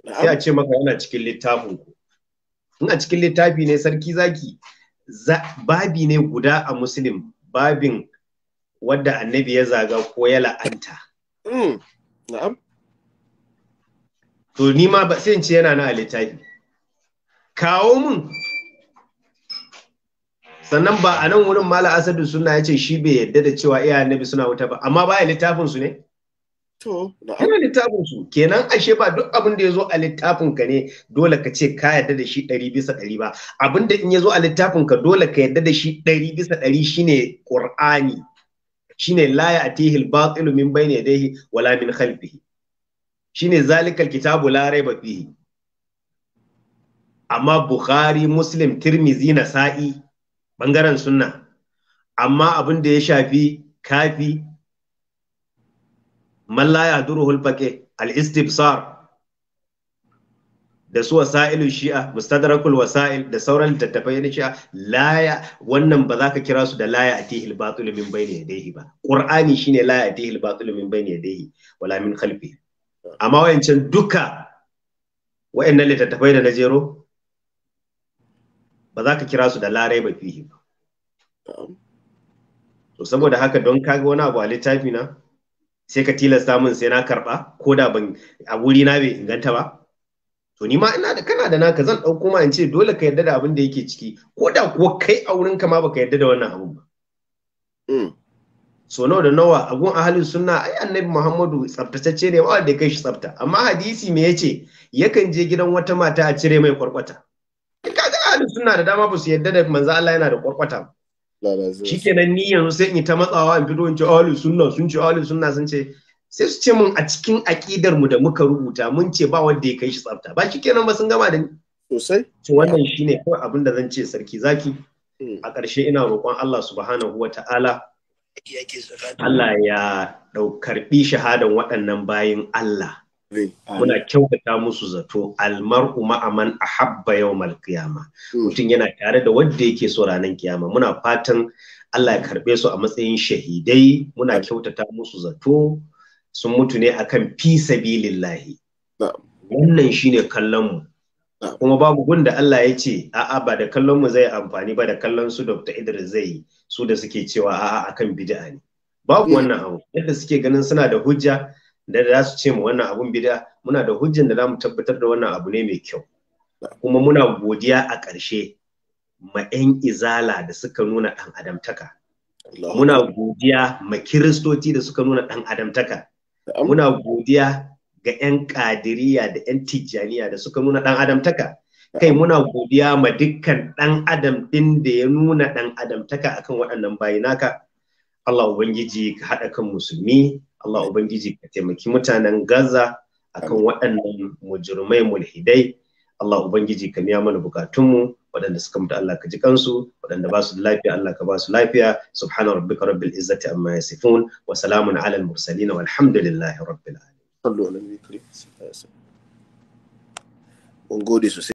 sai a ce maka yana cikin littafin ku in a cikin littafi ne sarki zaki babi ne guda a muslim babin wadda annabi ya zaga ko ya la'anta hmm, na'am to ni ma ba sai in ce yana na a littafi kawo mun sannan ba a nan wurin mala asadu suna ya ce shi bai yadda da cewa iya annabi suna wuta ba amma baya littafin su ne to yana littafin su kenan ashe ba duk abin da ya zo a littafin ka ne dole ka ce ka yadda da shi ɗari bisa ɗari ba abin da in ya zo a littafin ka dole ka yadda da shi ɗari bisa ɗari shine ƙur'ani shine Layi ya'tihi al-batilu min ne dai wala min khalfihi shine zalikal kitabu la raiba fihi amma bukhari muslim tirmizi nasa'i ɓangaren sunna amma abin da ya shafi kafi mallaya duruhul faƙe al-istibsar da su wasa'ilu shi'a mustadrakul wasa'il da sauran littattafai na shi'a laya wannan ba za ka kira su da laya atihil batul min bayni yadayhi ba qur'ani shine laya atihil batul min bayni yadayhi wala min khalfi amma wayancan duka wayannan littattafai da na jero ba za ka kira su da larai ba fihi to saboda haka don kaga wani abu a littafi na sai ka tilasta min sai na karba ko da ban a wuri na bai inganta ba to ni ma ina da kana da naka zan ɗauko ma in ce dole ka yarda da abin da yake ciki ko da kuwa kai a wurin ka ma baka yarda da wannan abun ba mm. so nawa da nawa a gun ahalin sunna ai annabi muhammadu tsaftatacce ne ma da kai shi tsafta amma hadisi me yace yakan je gidan wata mata a cire mai kwarkwata kaga ahalin sunna da dama ba su yarda da manzo Allah yana da kwarkwata ba shikenan ni yanzu sai in yi ta matsawa in fito in ce ahli sunna sun ce ahli sunna sun ce sai su ce mun a cikin aƙidar mu da muka rubuta mun ce ba wanda ya kai shi tsafta ba shikenan ba sun gama da ni sosai to wannan shine kawai abin da zan ce sarki zaki hmm. a ƙarshe ina roƙon Allah subhanahu wa ta'ala Allah ya ɗau karɓi shahadan waɗannan bayin Allah muna kyautata musu zato almar'u ma'aman a habba yau malkiyama hmm. mutum yana tare da wadda yake so ranar kiyama muna fatan Allah ya karɓe su a matsayin shahidai muna kyautata musu zato sun mutu ne akan fi sabilillahi wannan shine kallon mu kuma babu da Allah ya ce a'a ba da kallon mu zai amfani ba da kallon su Dr. Idris zai yi su da suke cewa a'a akan bid'a ne babu hmm. wannan abu yadda suke ganin suna da hujja da za su ce mu wannan abun bid'a muna da hujjan da za mu tabbatar da wannan abu ne mai kyau kuma muna godiya a ƙarshe ma 'yan izala da suka nuna ɗan adamtaka muna godiya ma kiristoci da suka nuna ɗan adamtaka muna godiya ga 'yan kadiriya da 'yan tijjaniya da suka nuna ɗan adamtaka kai muna godiya ma dukkan ɗan adam ɗin da ya nuna ɗan adamtaka akan waɗannan bayinaka Allah Ubangiji ka haɗa kan musulmi Allah Ubangiji ka taimaki mutanen Gaza akan waɗannan mujurmai mulhidai Allah Ubangiji ka niya mana bukatunmu waɗanda suka mutu Allah ka ji kansu waɗanda ba su lafiya Allah ka ba su lafiya subhana rabbika rabbil izzati amma yasifun wa salamun ala al mursalin walhamdulillahi rabbil alamin mun gode sosai